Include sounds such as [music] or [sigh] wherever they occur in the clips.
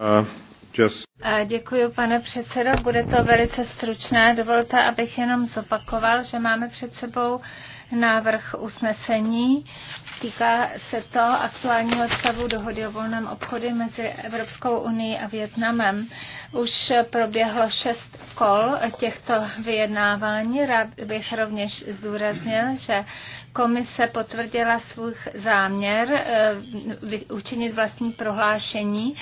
Uh, just... Děkuji, pane předsedo. Bude to velice stručné. Dovolte, abych jenom zopakoval, že máme před sebou návrh usnesení. Týká se to aktuálního stavu dohody o volném obchodu mezi Evropskou unii a Větnamem. Už proběhlo šest kol těchto vyjednávání. Rád bych rovněž zdůraznil, že Komise potvrdila svůj záměr eh, učinit vlastní prohlášení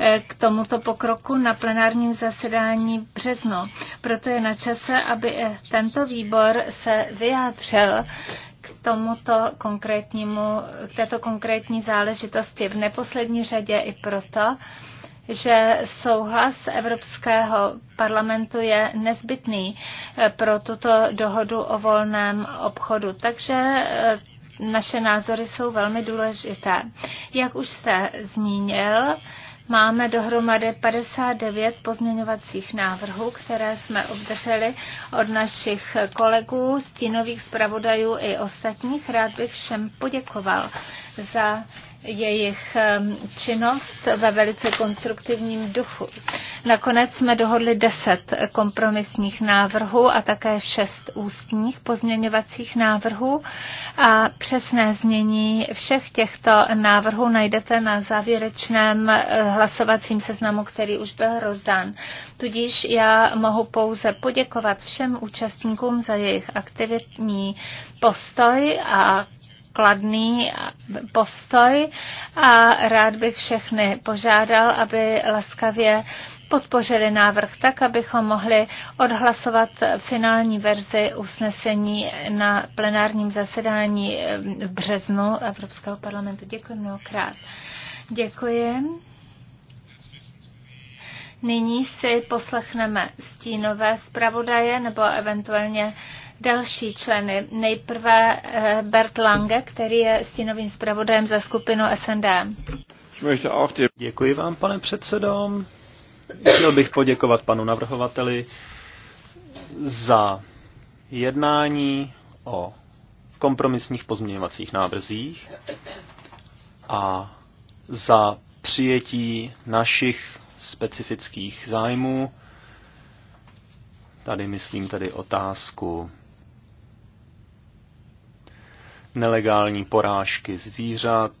eh, k tomuto pokroku na plenárním zasedání v březnu. Proto je na čase, aby eh, tento výbor se vyjádřil k tomuto konkrétnímu, k této konkrétní záležitosti v neposlední řadě i proto, že souhlas Evropského parlamentu je nezbytný eh, pro tuto dohodu o volném obchodu. Takže eh, naše názory jsou velmi důležité. Jak už jste zmínil, máme dohromady 59 pozměňovacích návrhů, které jsme obdrželi od našich kolegů, stínových zpravodajů i ostatních. Rád bych všem poděkoval za jejich ehm, činnost ve velice konstruktivním duchu. Nakonec jsme dohodli deset kompromisních návrhů a také šest ústních pozměňovacích návrhů a přesné znění všech těchto návrhů najdete na závěrečném eh, hlasovacím seznamu, který už byl rozdán. Tudíž já mohu pouze poděkovat všem účastníkům za jejich aktivitní postoj a kladný postoj a rád bych všechny požádal, aby laskavě podpořili návrh tak, abychom mohli odhlasovat finální verzi usnesení na plenárním zasedání eh, v březnu Evropského parlamentu. Děkuji mnohokrát. Děkuji. Nyní si poslechneme stínové zpravodaje nebo eventuálně další členy. Nejprve eh, Bert Lange, který je stínovým zpravodajem za skupinu SND. Děkuji vám, pane předsedo. Chtěl bych poděkovat panu navrhovateli za jednání o kompromisních pozměňovacích návrzích a za přijetí našich specifických zájmů. Tady myslím tedy otázku nelegální porážky zvířat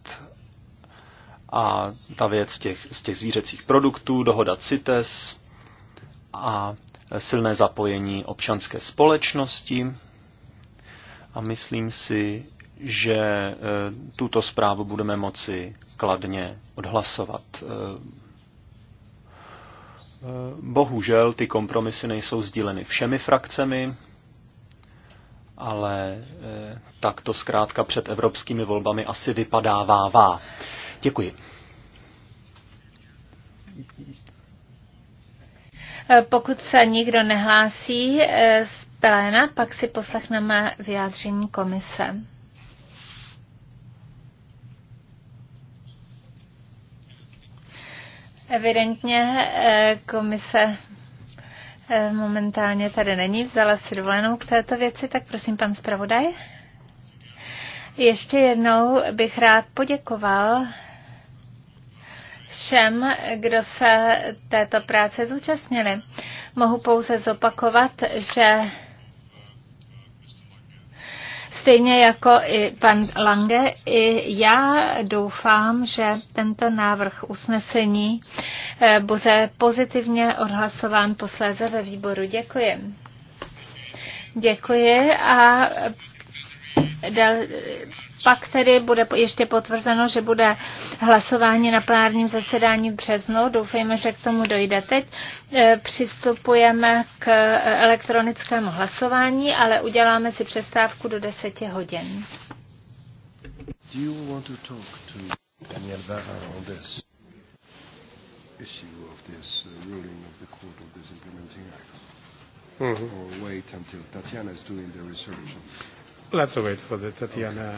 a ta věc těch, z těch zvířecích produktů, dohoda CITES a silné zapojení občanské společnosti. A myslím si, že e, tuto zprávu budeme moci kladně odhlasovat. E, e, bohužel ty kompromisy nejsou sdíleny všemi frakcemi, ale tak to zkrátka před evropskými volbami asi vypadává. Děkuji. E, pokud se nikdo nehlásí e, z pléna, pak si poslechneme vyjádření komise. Evidentně e, komise momentálně tady není, vzala si dovolenou k této věci, tak prosím, pan zpravodaj. Ještě jednou bych rád poděkoval všem, kdo se této práce zúčastnili. Mohu pouze zopakovat, že Stejně jako i pan Lange, i já doufám, že tento návrh usnesení eh, bude pozitivně odhlasován posléze ve výboru. Děkuji. Děkuji a Dal, pak tedy bude ještě potvrzeno, že bude hlasování na plárním zasedání v březnu. Doufejme, že k tomu dojde teď. E, přistupujeme k e, elektronickému hlasování, ale uděláme si přestávku do 10 hodin. Do you want to talk to Daniel Barra on this issue of this uh, ruling of the court of this implementing act? Mm-hmm. Or wait until Tatiana is doing the research on this? Let's wait for the Tatiana.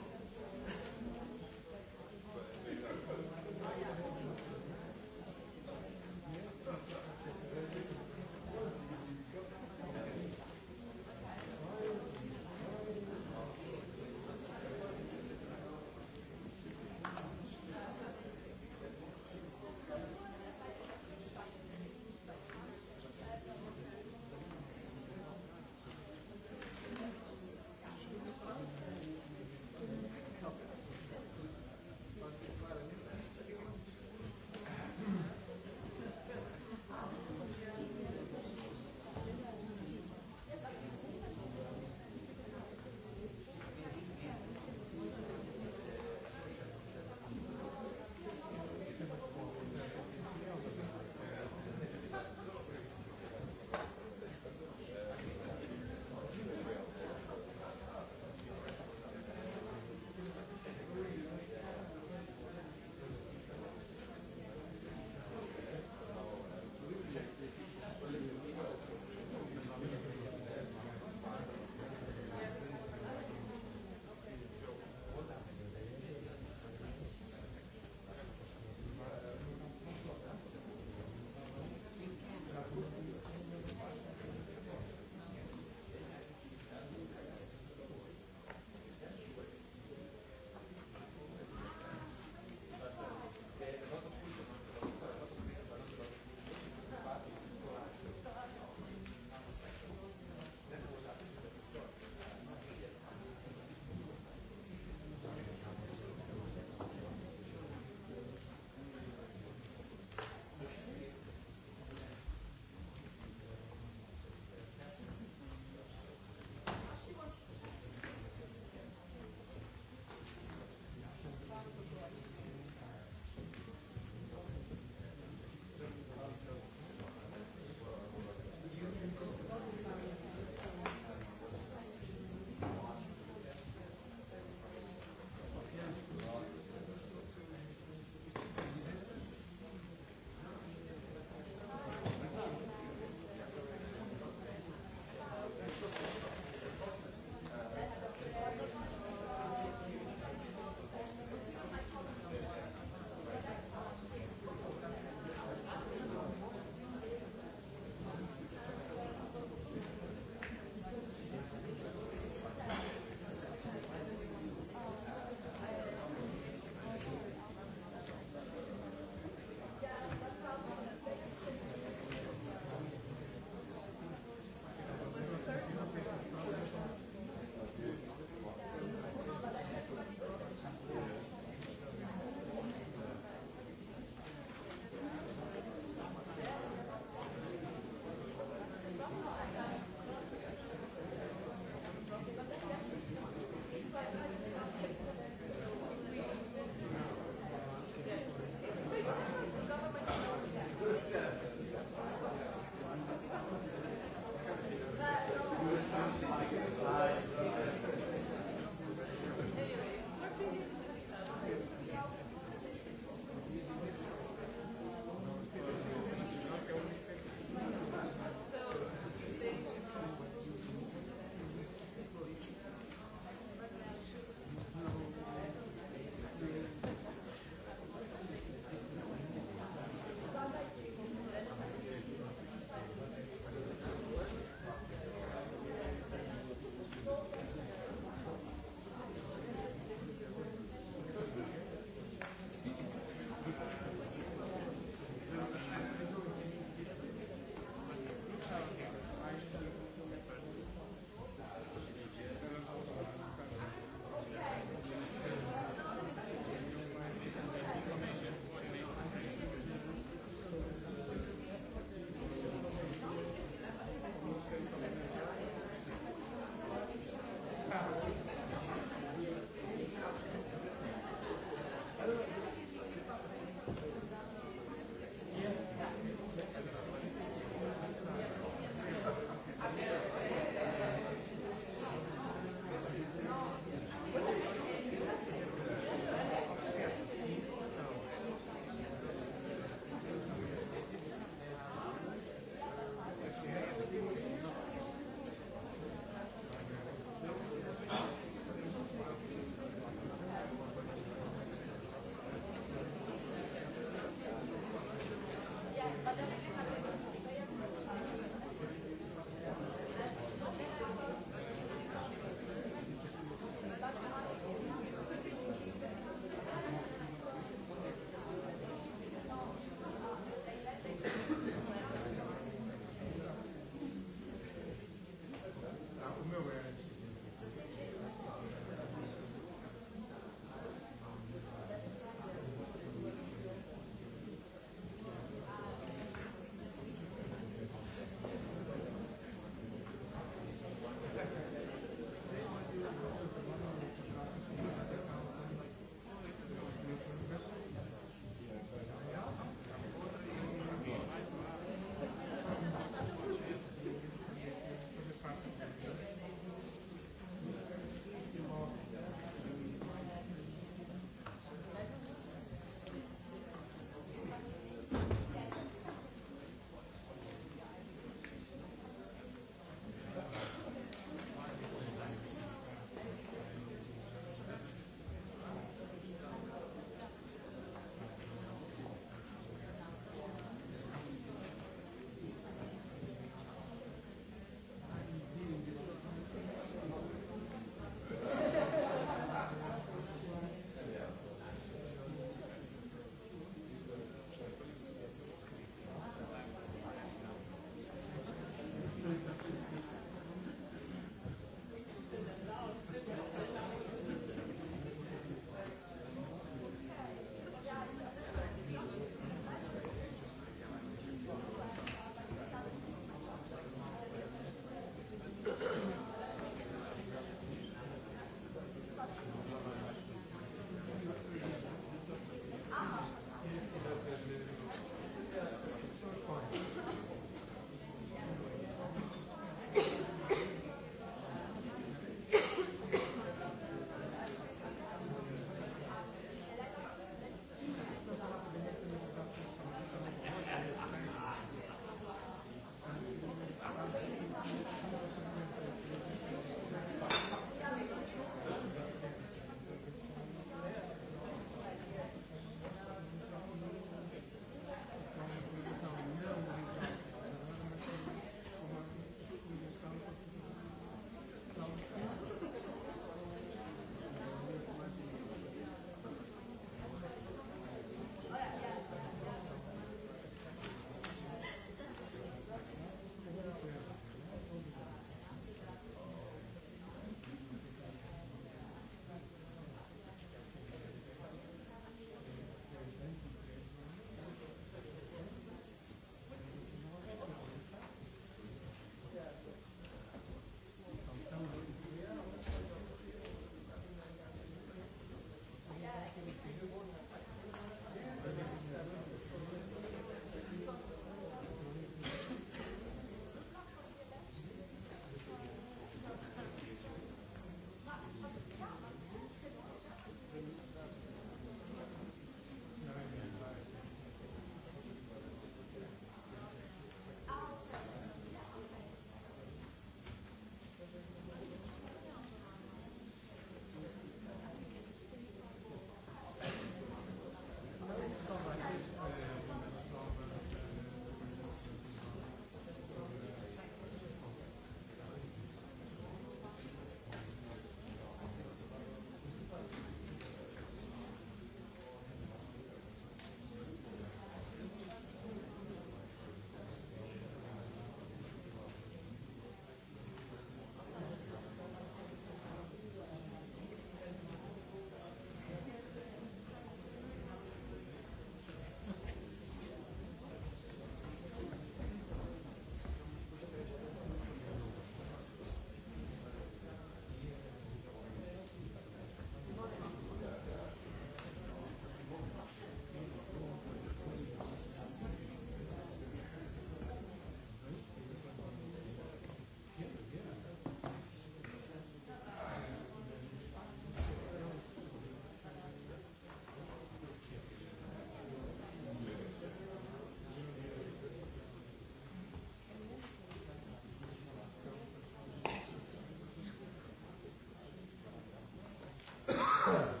základem.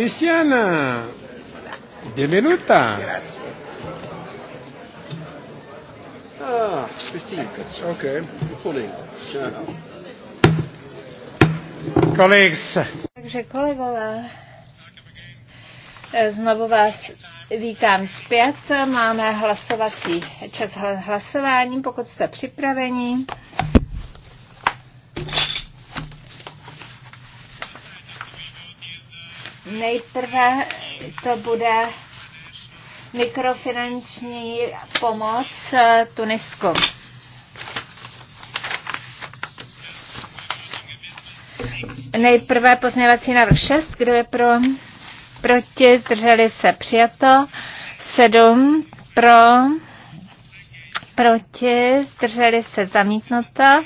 Cristiana, benvenuta. Grazie. Ah, Christine. Okay. Ciao. Colleagues. Takže kolegové, znovu vás vítám zpět. Máme hlasovací čas hlasováním, pokud jste připraveni. Nejprve to bude mikrofinanční pomoc eh, Tunisku. Nejprve pozměvací návrh 6, kdo je pro, proti, zdrželi se přijato. 7 pro, proti, zdrželi se zamítnuto.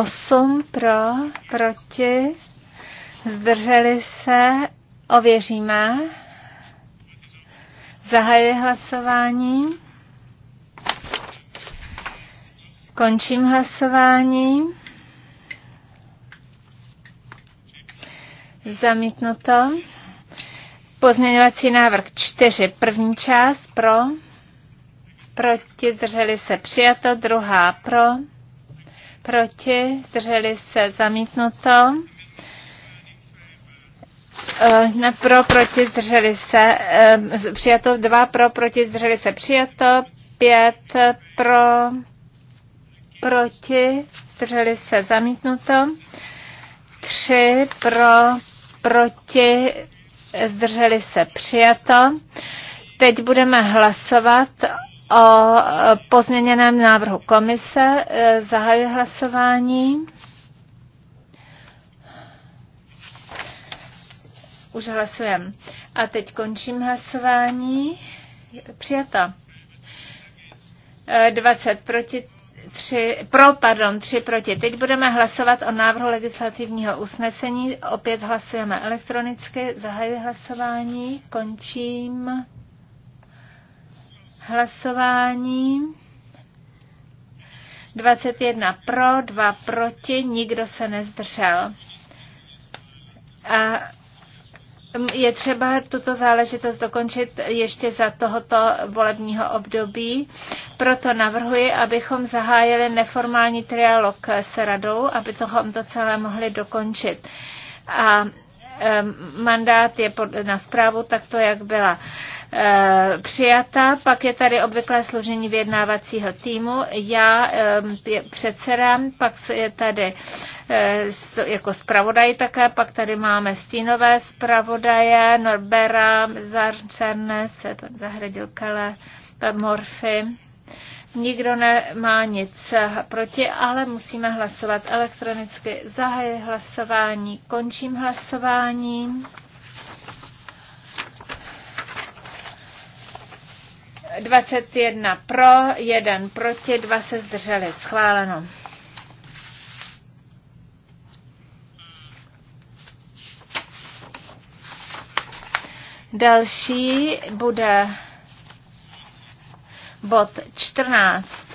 8 pro, proti, zdrželi se Ověříme. Zahajuji hlasování. Končím hlasování. Zamítnuto. Pozměňovací návrh 4. První část pro. Proti zdrželi se přijato. Druhá pro. Proti zdrželi se zamítnuto ne pro, proti, zdrželi se, eh, přijato, dva pro, proti, zdrželi se, přijato, pět pro, proti, zdrželi se, zamítnuto, tři pro, proti, zdrželi se, přijato. Teď budeme hlasovat o eh, pozměněném návrhu komise. Eh, zahajuji hlasování. Už hlasujeme. A teď končím hlasování. Přijata. Eh, 20 proti 3, pro, pardon, 3 proti. Teď budeme hlasovat o návrhu legislativního usnesení. Opět hlasujeme elektronicky. Zahajuji hlasování. Končím hlasování. 21 pro, 2 proti, nikdo se nezdržel. A Um, je třeba tuto záležitost dokončit ještě za tohoto volebního období. Proto navrhuji, abychom zahájili neformální trialog s radou, aby tohom to celé mohli dokončit. A um, mandát je na zprávu takto, jak byla Eh, přijata. Pak je tady obvyklé složení vyjednávacího týmu. Já předsedám, pak je tady eh, jako zpravodaj také, pak tady máme stínové zpravodaje, Norbera, Zarčerne, se tam zahradil Kele, eh, Morfy. Nikdo nemá nic proti, ale musíme hlasovat elektronicky. Zahajuji hlasování, končím hlasování. 21 pro, 1 proti, 2 se zdrželi. Schváleno. Další bude bod 14.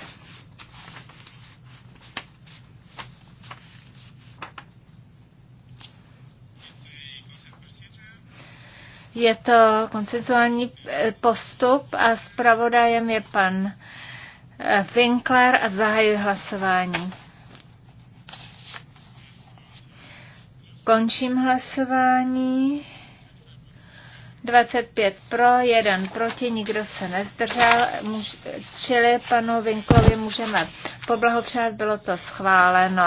Je to konsensuální eh, postup a zpravodajem je pan eh, Winkler a zahajuji hlasování. Končím hlasování. 25 pro, 1 proti, nikdo se nezdržel, čili panu Vinkovi můžeme poblahopřát, bylo to schváleno.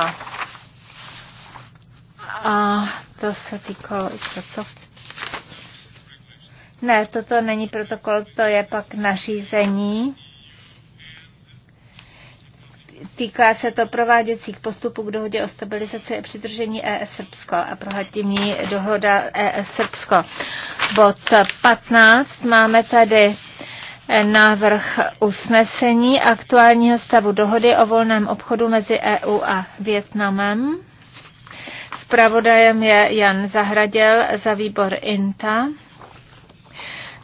A to se týkalo i ne, toto není protokol, to je pak nařízení. Týká se to prováděcích postupů k dohodě o stabilizaci a přidržení ES Srbsko a prohatimní dohoda ES Srbsko. Bod 15 máme tady eh, návrh usnesení aktuálního stavu dohody o volném obchodu mezi EU a Větnamem. Spravodajem je Jan Zahraděl za výbor INTA.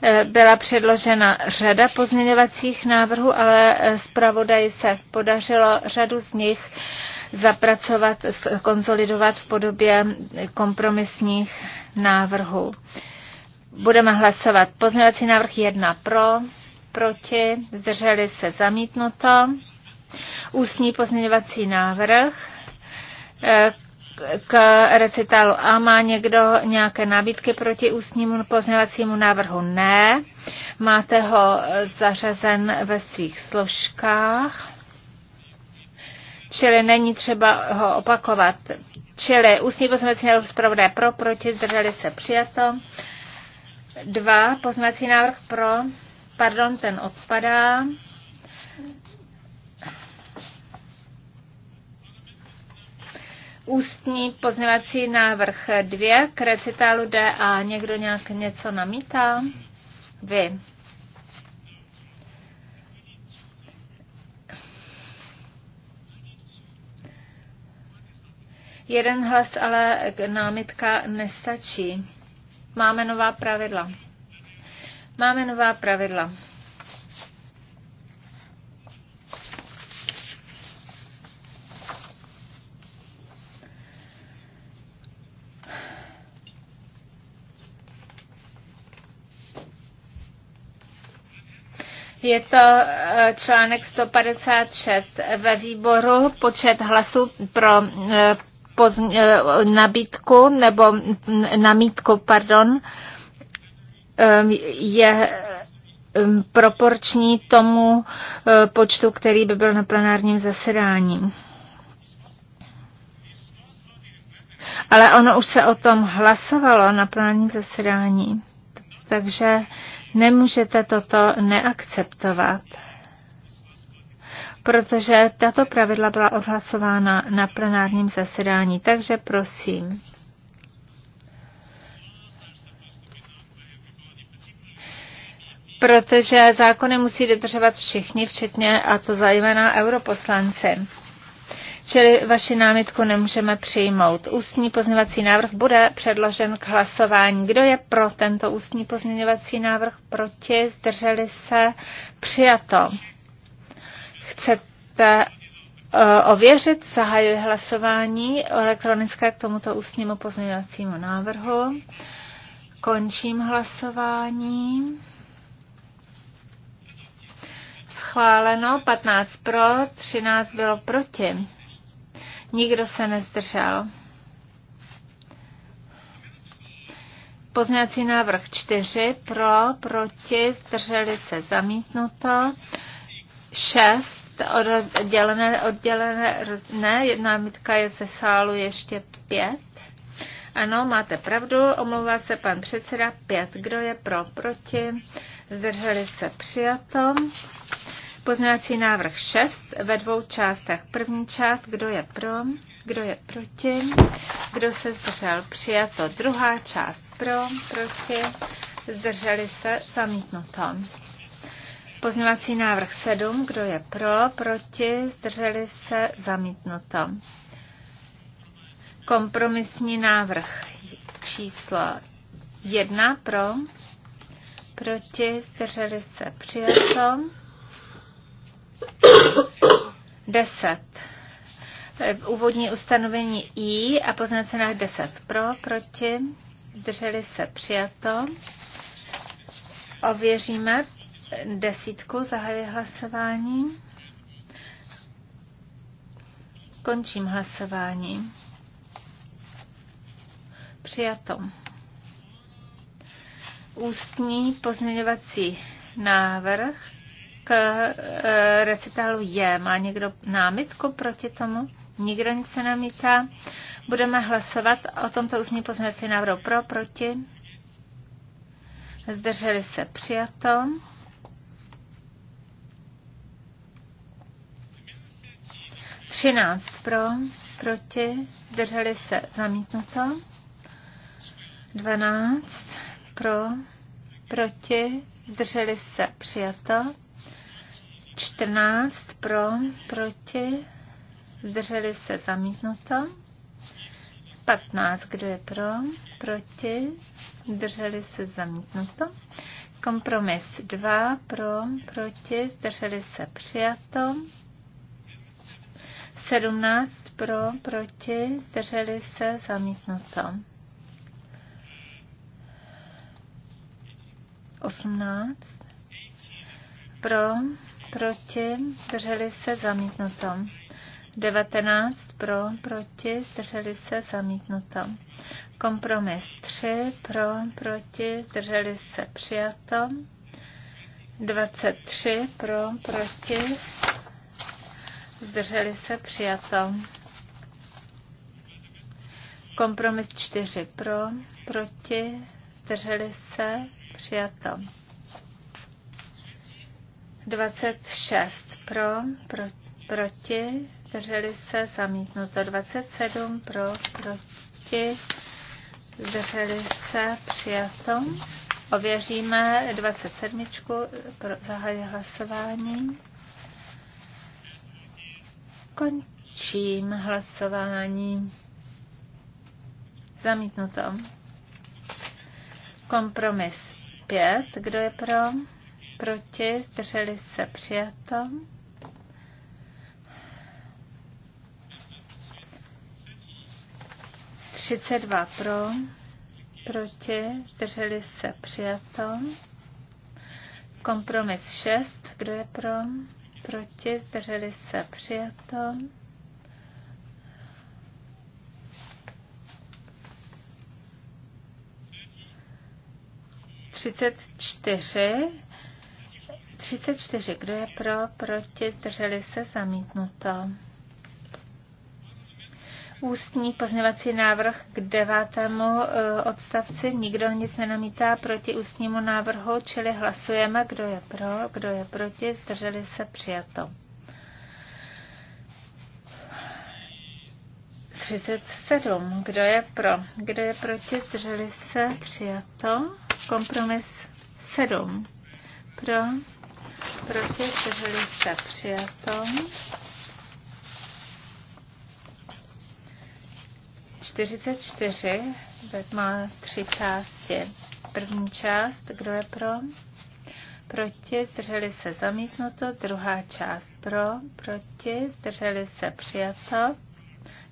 Eh, byla předložena řada pozměňovacích návrhů, ale eh, zpravodaji se podařilo řadu z nich zapracovat, konsolidovat v podobě kompromisních návrhů. Budeme hlasovat pozměňovací návrh 1 pro, proti, zdrželi se zamítnuto. Ústní pozměňovací návrh eh, k recitálu A má někdo nějaké nábídky proti ústnímu pozměvacímu návrhu? Ne. Máte ho zařazen ve svých složkách, čili není třeba ho opakovat. Čili ústní pozměvací návrh zpravodaje pro, proti, zdrželi se přijato. Dva pozměvací návrh pro, pardon, ten odpadá. ústní pozměvací návrh 2 k recitálu D a někdo nějak něco namítá? Vy. Jeden hlas ale námitka nestačí. Máme nová pravidla. Máme nová pravidla. Je to eh, článek 156 ve výboru počet hlasů pro eh, eh, nabídku nebo namítku, pardon, je proporční tomu počtu, který by byl na plenárním zasedání. Ale ono už se o tom hlasovalo na plenárním zasedání. Takže Nemůžete toto neakceptovat, protože tato pravidla byla odhlasována na plenárním zasedání. Takže prosím. Protože zákony musí dodržovat všichni, včetně a to zejména europoslanci čili vaši námitku nemůžeme přijmout. Ústní pozměňovací návrh bude předložen k hlasování. Kdo je pro tento ústní pozměňovací návrh? Proti? Zdrželi se? Přijato. Chcete eh, ověřit? Zahajuji hlasování elektronické k tomuto ústnímu pozměňovacímu návrhu. Končím hlasování schváleno, 15 pro, 13 bylo proti. Nikdo se nezdržel. Pozměňovací návrh 4 pro, proti, zdrželi se zamítnuto. 6 oddělené, oddělené, ne, námitka je ze sálu ještě 5. Ano, máte pravdu, omlouvá se pan předseda 5. Kdo je pro, proti, zdrželi se přijatom. Pozměňovací návrh 6 ve dvou částech. První část, kdo je pro, kdo je proti, kdo se zdržel, přijato. Druhá část pro, proti, zdrželi se, zamítnuto. Pozměňovací návrh 7, kdo je pro, proti, zdrželi se, zamítnuto. Kompromisní návrh číslo 1 pro, proti, zdrželi se, přijato. 10. Úvodní ustanovení I a poznací na 10 pro, proti, zdrželi se přijato. Ověříme desítku, zahajuje hlasování. Končím hlasování. Přijato. Ústní pozměňovací návrh k e, recitálu je. Má někdo námitku proti tomu? Nikdo nic se namítá. Budeme hlasovat o tomto ústní poznací návrhu pro, proti. Zdrželi se přijato. Třináct pro, proti, zdrželi se zamítnuto. Dvanáct pro, proti, zdrželi se přijato. 14 pro, proti, zdrželi se zamítnuto. 15, kdo je pro, proti, zdrželi se zamítnuto. Kompromis 2 pro, proti, zdrželi se přijato. 17 pro, proti, zdrželi se zamítnuto. 18 pro, proti, zdrželi se, zamítnuto. 19 pro, proti, zdrželi se, zamítnuto. Kompromis 3 pro, proti, zdrželi se, přijato. 23 pro, proti, zdrželi se, přijato. Kompromis 4 pro, proti, zdrželi se, přijato. 26 pro, pro proti, zdrželi se, zamítnuto 27 pro, proti, zdrželi se, přijato. Ověříme 27. Pro, zahajuji hlasování. Končím hlasování. Zamítnuto. Kompromis 5. Kdo je pro? proti, drželi se přijato. Třicet dva pro, proti, drželi se přijato. Kompromis 6, kdo je pro, proti, drželi se přijato. Třicet čtyři 34. Kdo je pro, proti, zdrželi se, zamítnuto. Ústní pozměvací návrh k devátému e, odstavci. Nikdo nic nenamítá proti ústnímu návrhu, čili hlasujeme, kdo je pro, kdo je proti, zdrželi se, přijato. 37. Kdo je pro? Kdo je proti? Zdrželi se? Přijato. Kompromis 7. Pro? proti, drželi se přijato. 44 má tři části. První část, kdo je pro? Proti, zdrželi se zamítnuto. Druhá část pro, proti, zdrželi se přijato.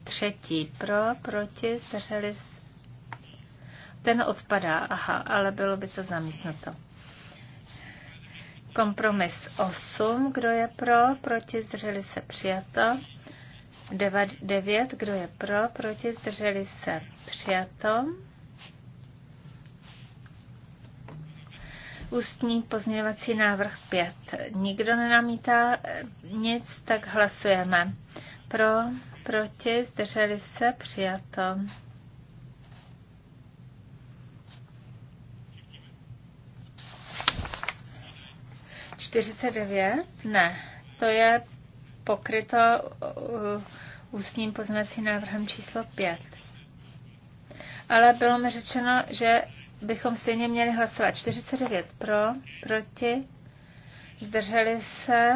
Třetí pro, proti, zdrželi se... Ten odpadá, aha, ale bylo by to zamítnuto. Kompromis 8, kdo je pro, proti, zdrželi se přijato. 9, kdo je pro, proti, zdrželi se přijato. Ústní pozměňovací návrh 5. Nikdo nenamítá eh, nic, tak hlasujeme. Pro, proti, zdrželi se přijato. 49? Ne. To je pokryto uh, ústním poznacím návrhem číslo 5. Ale bylo mi řečeno, že bychom stejně měli hlasovat 49 pro, proti, zdrželi se.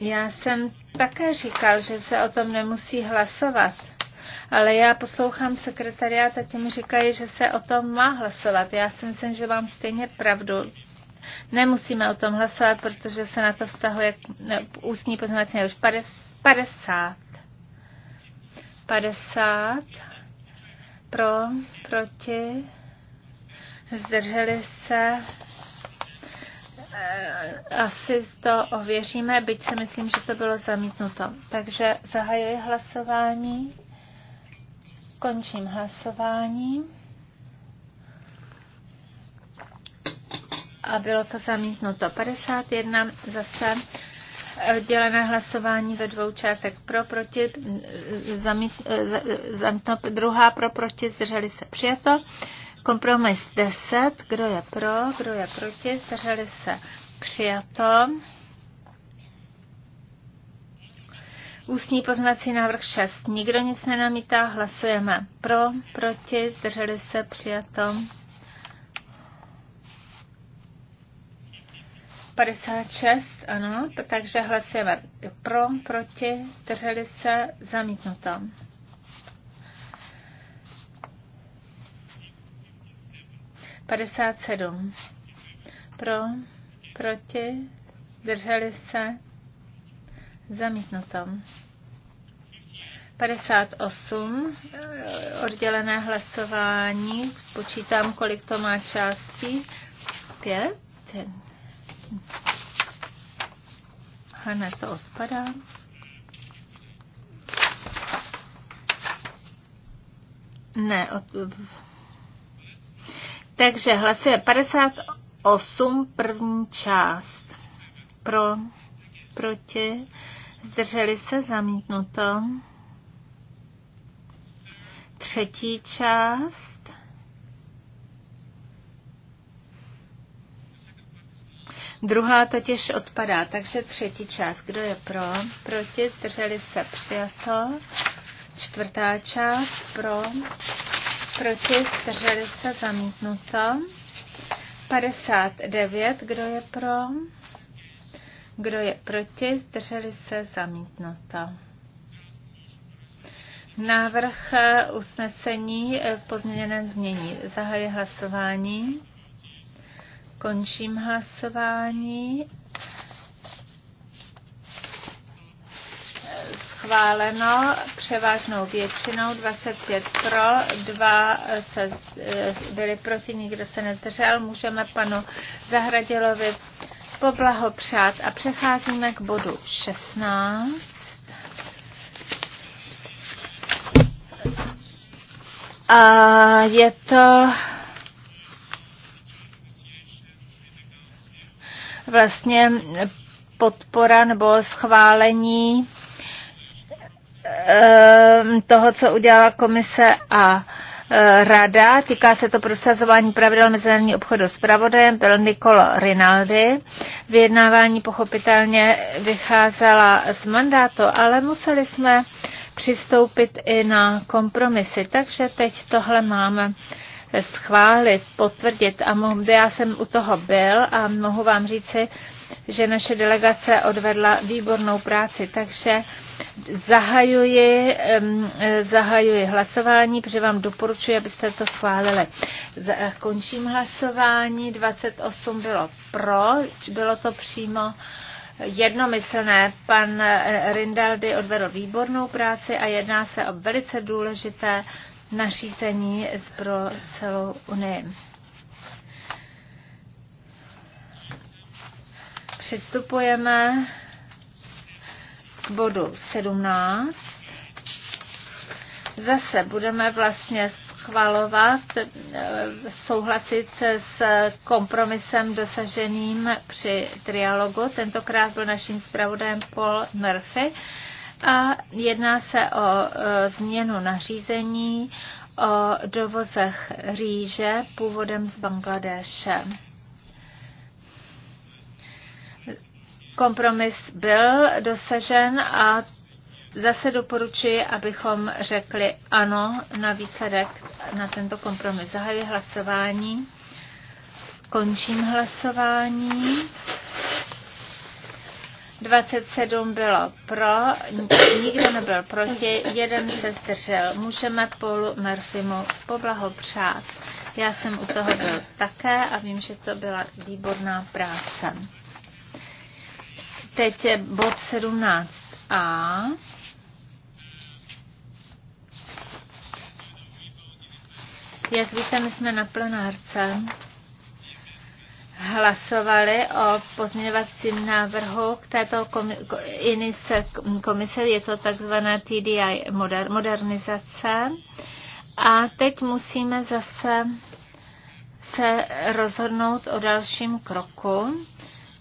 Já jsem také říkal, že se o tom nemusí hlasovat. Ale já poslouchám sekretariát a tím říkají, že se o tom má hlasovat. Já si myslím, že mám stejně pravdu. Nemusíme o tom hlasovat, protože se na to vztahuje ústní poznávací už 50. 50 pro, proti, zdrželi se, Eh, asi to ověříme, byť si myslím, že to bylo zamítnuto. Takže zahajuji hlasování, končím hlasování a bylo to zamítnuto. 51 zase eh, dělené hlasování ve dvou částech pro, proti, eh, zamít, zamít, druhá pro, proti, zdrželi se přijato. Kompromis 10. Kdo je pro? Kdo je proti? Zdrželi se? Přijato. Ústní poznací návrh 6. Nikdo nic nenamítá, hlasujeme pro, proti, zdrželi se, přijato. 56, ano, takže hlasujeme pro, proti, zdrželi se, zamítnuto. 57. Pro, proti, zdrželi se, zamítnuto. 58, oddělené hlasování, počítám, kolik to má částí. 5. Hana, to odpadá. Ne, od, takže hlasuje 58 první část. Pro, proti, zdrželi se, zamítnuto. Třetí část. Druhá totiž odpadá, takže třetí část. Kdo je pro? Proti, zdrželi se, přijato. Čtvrtá část pro, proti, zdrželi se, zamítnuto. 59, kdo je pro, kdo je proti, zdrželi se, zamítnuto. Návrh eh, usnesení eh, v pozměněném změní. Zahajuji hlasování. Končím hlasování schváleno převážnou většinou, 25 pro, dva se, eh, byli proti, nikdo se nedržel. Můžeme panu Zahradilovi poblahopřát a přecházíme k bodu 16. A je to vlastně podpora nebo schválení Ehm, toho, co udělala komise a e, rada. Týká se to prosazování pravidel mezinárodní obchodu s pravodajem. Byl Nikolo Rinaldi. Vyjednávání pochopitelně vycházela z mandátu, ale museli jsme přistoupit i na kompromisy. Takže teď tohle máme schválit, potvrdit a mohu, já jsem u toho byl a mohu vám říci, že naše delegace odvedla výbornou práci. Takže zahajuji, zahajuji hlasování, protože vám doporučuji, abyste to schválili. Končím hlasování, 28 bylo pro, bylo to přímo jednomyslné. Pan eh, Rinaldi odvedl výbornou práci a jedná se o velice důležité nařízení pro celou Unii. Přistupujeme k bodu 17. Zase budeme vlastně schvalovat, eh, souhlasit s kompromisem dosaženým při trialogu. Tentokrát byl naším zpravodajem Paul Murphy a jedná se o eh, změnu nařízení o dovozech rýže původem z Bangladeše. Kompromis byl dosažen a zase doporučuji, abychom řekli ano na výsledek na tento kompromis. Zahajuji hlasování. Končím hlasování. 27 bylo pro, nikdo nebyl proti, jeden se zdržel. Můžeme Paulu Murphymu poblahopřát. Já jsem u toho byl také a vím, že to byla výborná práce. Teď je bod 17a. Jak víte, my jsme na plenárce hlasovali o pozměňovacím návrhu k této komise, komise je to takzvaná TDI moder, modernizace. A teď musíme zase se rozhodnout o dalším kroku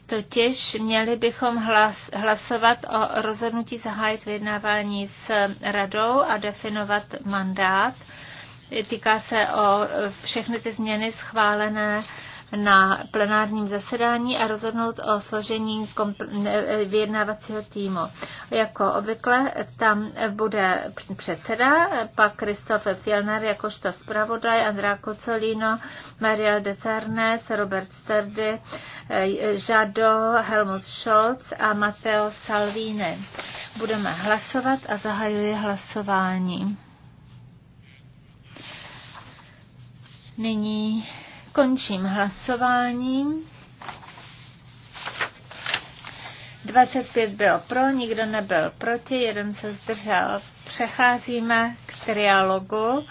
Totiž měli bychom hlas, hlasovat o rozhodnutí zahájit vyjednávání s radou a definovat mandát. Týká se o všechny ty změny schválené na plenárním zasedání a rozhodnout o složení vyjednávacího týmu. Jako obvykle tam bude předseda, pak Kristofe Fjellner jakožto zpravodaj, Andrá Kocolino, Mariel de Cernes, Robert Sterdy, Žado, Helmut Scholz a Matteo Salvini. Budeme hlasovat a zahajuji hlasování. Nyní končím hlasováním. 25 bylo pro, nikdo nebyl proti, jeden se zdržel. Přecházíme k trialogu.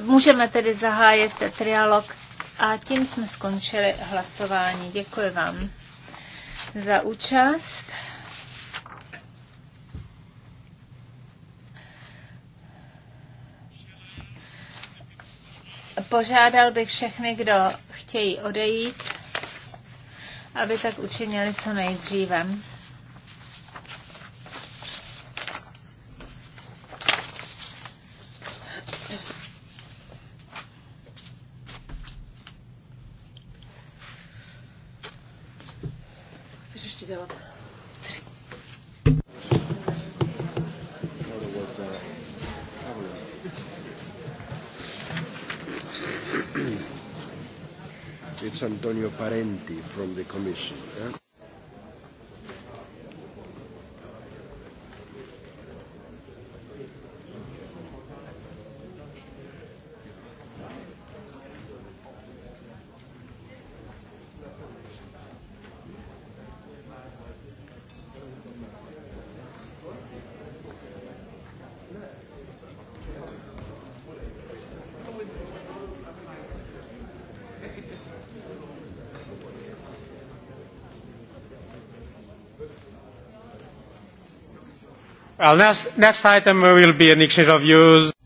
Můžeme tedy zahájit trialog a tím jsme skončili hlasování. Děkuji vám za účast. Požádal bych všechny, kdo chtějí odejít, aby tak učinili co nejdříve. 20 from the Commission. Eh?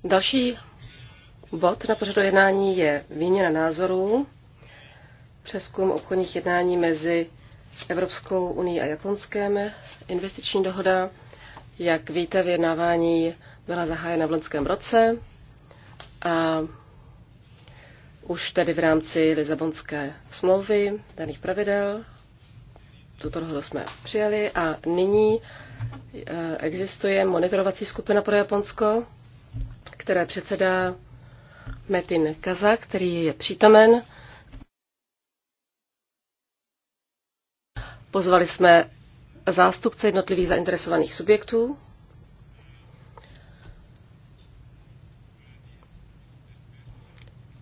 Další bod na pořadu jednání je výměna názorů, přeskum obchodních jednání mezi Evropskou unii a Japonském, investiční dohoda. Jak víte, vyjednávání byla zahájena v loňském roce a už tedy v rámci Lizabonské smlouvy daných pravidel tuto dohodu jsme přijali a nyní e, existuje monitorovací skupina pro Japonsko, které předsedá Metin Kaza, který je přítomen. Pozvali jsme zástupce jednotlivých zainteresovaných subjektů.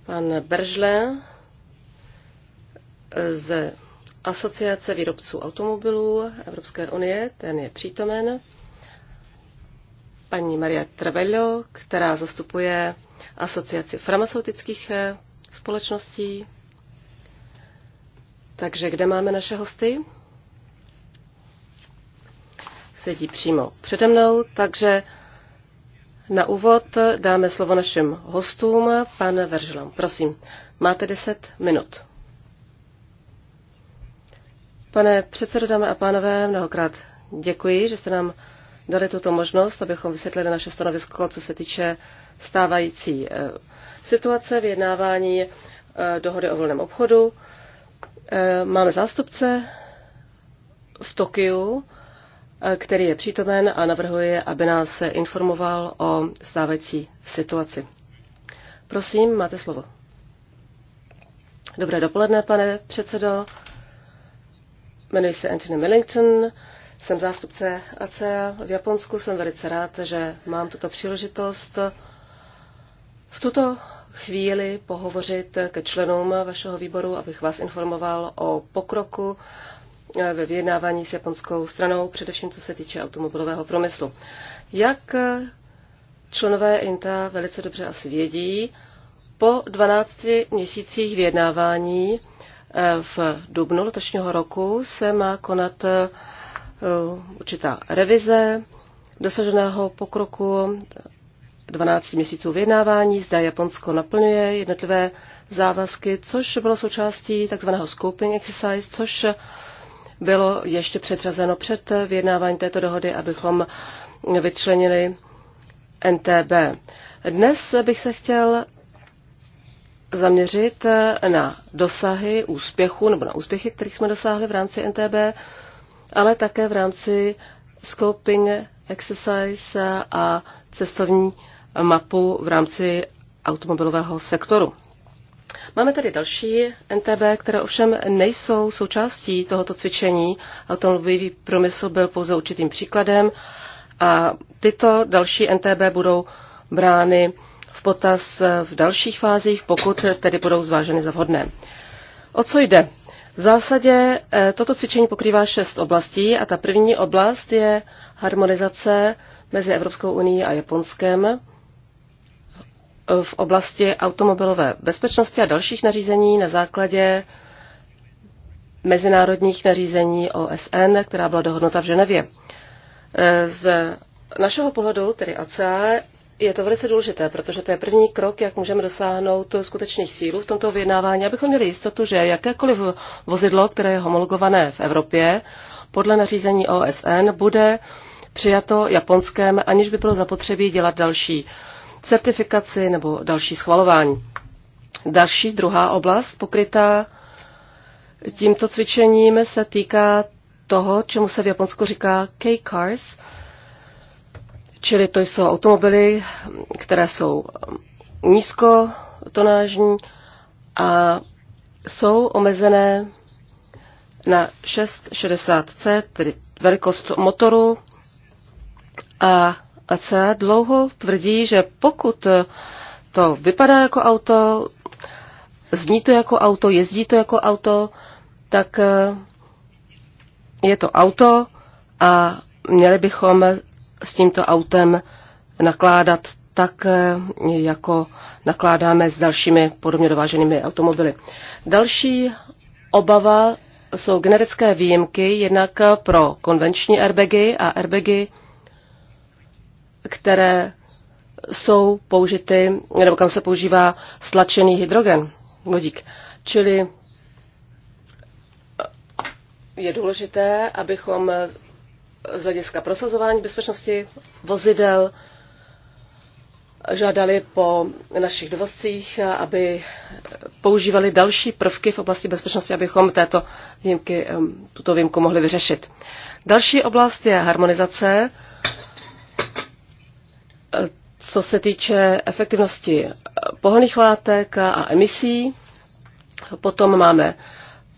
Pan Beržle z Asociace výrobců automobilů Evropské unie, ten je přítomen. Paní Maria Travello, která zastupuje Asociaci farmaceutických eh, společností. Takže kde máme naše hosty? Sedí přímo přede mnou, takže na úvod dáme slovo našim hostům. Pan Veržlan, prosím, máte 10 minut. Pane předsedo, dámy a pánové, mnohokrát děkuji, že jste nám dali tuto možnost, abychom vysvětlili naše stanovisko, co se týče stávající eh, situace vyjednávání eh, dohody o volném obchodu. Eh, máme zástupce v Tokiu, který je přítomen a navrhuje, aby nás informoval o stávající situaci. Prosím, máte slovo. Dobré dopoledne, pane předsedo, Jmenuji se Anthony Millington, jsem zástupce ACEA v Japonsku, jsem velice rád, že mám tuto příležitost v tuto chvíli pohovořit ke členům vašeho výboru, abych vás informoval o pokroku eh, ve vyjednávání s japonskou stranou, především co se týče automobilového promyslu. Jak eh, členové INTA velice dobře asi vědí, po 12 měsících vyjednávání Eh, v dubnu letošního roku se má konat eh, určitá revize dosaženého pokroku 12 měsíců vyjednávání, zda Japonsko naplňuje jednotlivé závazky, což bylo součástí takzvaného scoping exercise, což bylo ještě předřazeno před vyjednávání této dohody, abychom vyčlenili NTB. Dnes bych se chtěl zaměřit eh, na dosahy úspěchu nebo na úspěchy, kterých jsme dosáhli v rámci NTB, ale také v rámci scoping exercise a cestovní mapu v rámci automobilového sektoru. Máme tady další NTB, které ovšem nejsou součástí tohoto cvičení. Automobilový průmysl byl pouze určitým příkladem a tyto další NTB budou brány v potaz v dalších fázích, pokud tedy budou zváženy za vhodné. O co jde? V zásadě eh, toto cvičení pokrývá šest oblastí a ta první oblast je harmonizace mezi Evropskou unii a Japonskem eh, v oblasti automobilové bezpečnosti a dalších nařízení na základě mezinárodních nařízení OSN, která byla dohodnuta v Ženevě. Eh, z našeho pohledu, tedy ACA, je to velice důležité, protože to je první krok, jak můžeme dosáhnout skutečných sílů v tomto vyjednávání, abychom měli jistotu, že jakékoliv vozidlo, které je homologované v Evropě, podle nařízení OSN bude přijato japonském, aniž by bylo zapotřebí dělat další certifikaci nebo další schvalování. Další druhá oblast pokrytá tímto cvičením se týká toho, čemu se v Japonsku říká K-Cars, Čili to jsou automobily, které jsou nízkotonážní a jsou omezené na 660C, tedy velikost motoru. A AC dlouho tvrdí, že pokud to vypadá jako auto, zní to jako auto, jezdí to jako auto, tak eh, je to auto a měli bychom s tímto autem nakládat tak, eh, jako nakládáme s dalšími podobně dováženými automobily. Další obava jsou generické výjimky jednak pro konvenční airbagy a airbagy, které jsou použity, nebo kam se používá stlačený hydrogen, vodík. Čili je důležité, abychom z hlediska prosazování bezpečnosti vozidel žádali po našich dovozcích, aby používali další prvky v oblasti bezpečnosti, abychom této výjimky, tuto výjimku mohli vyřešit. Další oblast je harmonizace, e, co se týče efektivnosti e, pohonných látek a emisí. Potom máme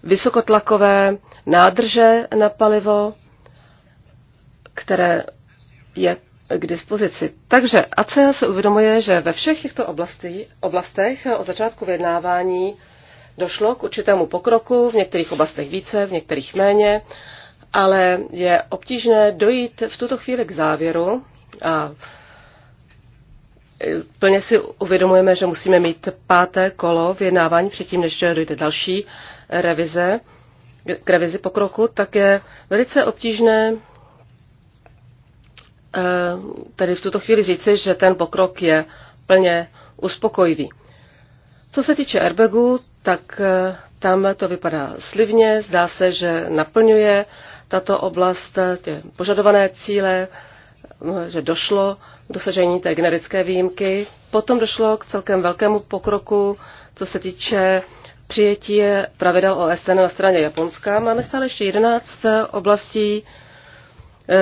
vysokotlakové nádrže na palivo, které je k dispozici. Takže ACEA se uvědomuje, že ve všech těchto oblasti, oblastech od začátku vyjednávání došlo k určitému pokroku, v některých oblastech více, v některých méně, ale je obtížné dojít v tuto chvíli k závěru a e, plně si uvědomujeme, že musíme mít páté kolo vyjednávání předtím, než dojde další revize, k revizi pokroku, tak je velice obtížné Eh, tedy v tuto chvíli říci, že ten pokrok je plně uspokojivý. Co se týče airbagu, tak eh, tam to vypadá slivně, zdá se, že naplňuje tato oblast eh, tě požadované cíle, že došlo k dosažení té generické výjimky. Potom došlo k celkem velkému pokroku, co se týče přijetí pravidel OSN na straně Japonska. Máme stále ještě 11 oblastí,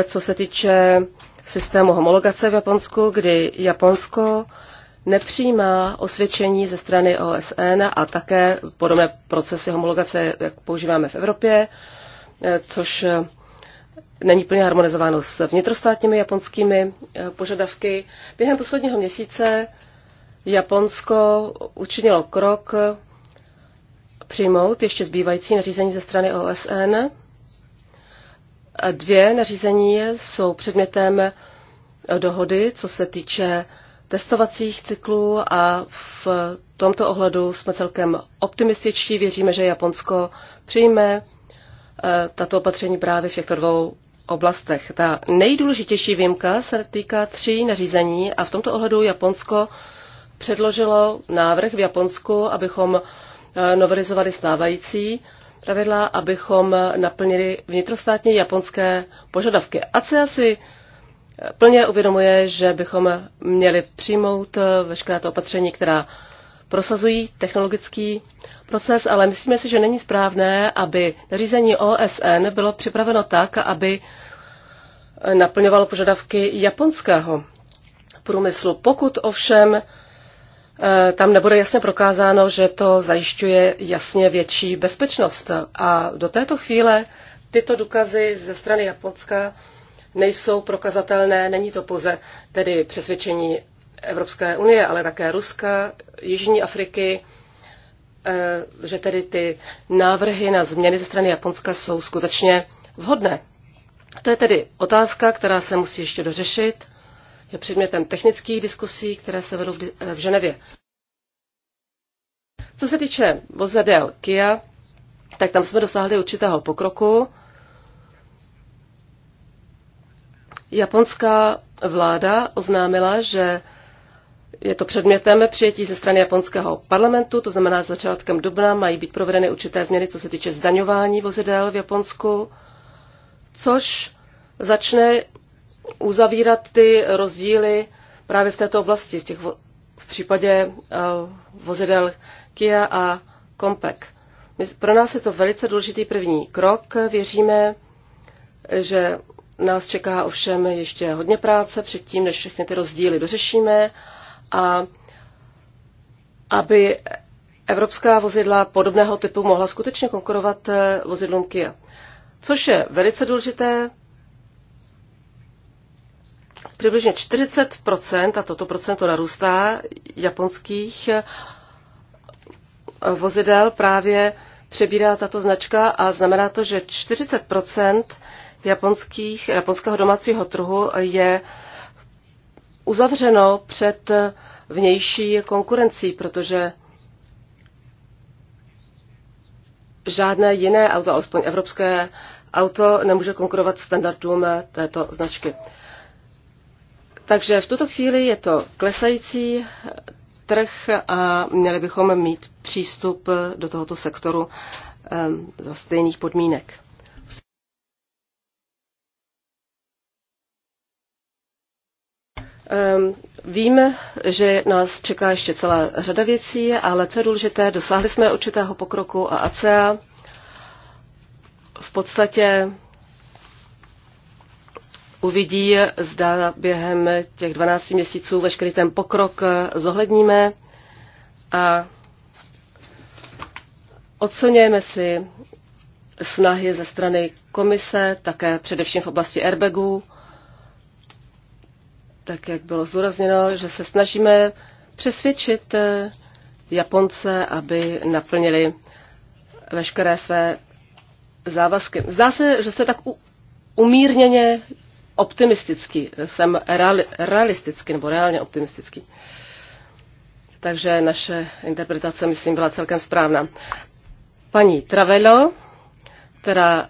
co se týče systému homologace v Japonsku, kdy Japonsko nepřijímá osvědčení ze strany OSN a také podobné procesy homologace, jak používáme v Evropě, eh, což eh, není plně harmonizováno s vnitrostátními japonskými eh, požadavky. Během posledního měsíce Japonsko učinilo krok přijmout ještě zbývající nařízení ze strany OSN Dvě nařízení jsou předmětem dohody, co se týče testovacích cyklů a v tomto ohledu jsme celkem optimističtí. Věříme, že Japonsko přijme eh, tato opatření právě v těchto dvou oblastech. Ta nejdůležitější výjimka se týká tří nařízení a v tomto ohledu Japonsko předložilo návrh v Japonsku, abychom eh, novelizovali stávající pravidla, abychom naplnili vnitrostátní japonské požadavky. ACEA si eh, plně uvědomuje, že bychom měli přijmout eh, veškerá to opatření, která prosazují technologický proces, ale myslíme si, že není správné, aby nařízení OSN bylo připraveno tak, aby eh, naplňovalo požadavky japonského průmyslu. Pokud ovšem Eh, tam nebude jasně prokázáno, že to zajišťuje jasně větší bezpečnost. A do této chvíle tyto důkazy ze strany Japonska nejsou prokazatelné, není to pouze tedy přesvědčení Evropské unie, ale také Ruska, Jižní Afriky, eh, že tedy ty návrhy na změny ze strany Japonska jsou skutečně vhodné. To je tedy otázka, která se musí ještě dořešit je předmětem technických diskusí, které se vedou v Ženevě. Co se týče vozidel Kia, tak tam jsme dosáhli určitého pokroku. Japonská vláda oznámila, že je to předmětem přijetí ze strany japonského parlamentu, to znamená, že začátkem dubna mají být provedeny určité změny, co se týče zdaňování vozidel v Japonsku, což začne uzavírat ty rozdíly právě v této oblasti, v, těch, v případě eh, vozidel Kia a Compaq. Pro nás je to velice důležitý první krok. Věříme, že nás čeká ovšem ještě hodně práce předtím, než všechny ty rozdíly dořešíme a aby evropská vozidla podobného typu mohla skutečně konkurovat eh, vozidlům Kia. Což je velice důležité, Přibližně 40 a toto procento narůstá japonských eh, vozidel právě přebírá tato značka a znamená to, že 40 japonských, japonského domácího trhu je uzavřeno před vnější konkurencí, protože žádné jiné auto, alespoň evropské auto, nemůže konkurovat standardům této značky. Takže v tuto chvíli je to klesající trh a měli bychom mít přístup do tohoto sektoru za stejných podmínek. Vím, že nás čeká ještě celá řada věcí, ale co je důležité, dosáhli jsme určitého pokroku a ACEA v podstatě uvidí, zda během těch 12 měsíců veškerý ten pokrok zohledníme a oceňujeme si snahy ze strany komise, také především v oblasti airbagů, tak jak bylo zúrazněno, že se snažíme přesvědčit eh, Japonce, aby naplnili veškeré své závazky. Zdá se, že jste tak umírněně optimistický, jsem reali, realistický nebo reálně optimistický. Takže naše interpretace, myslím, byla celkem správná. Paní Travelo, která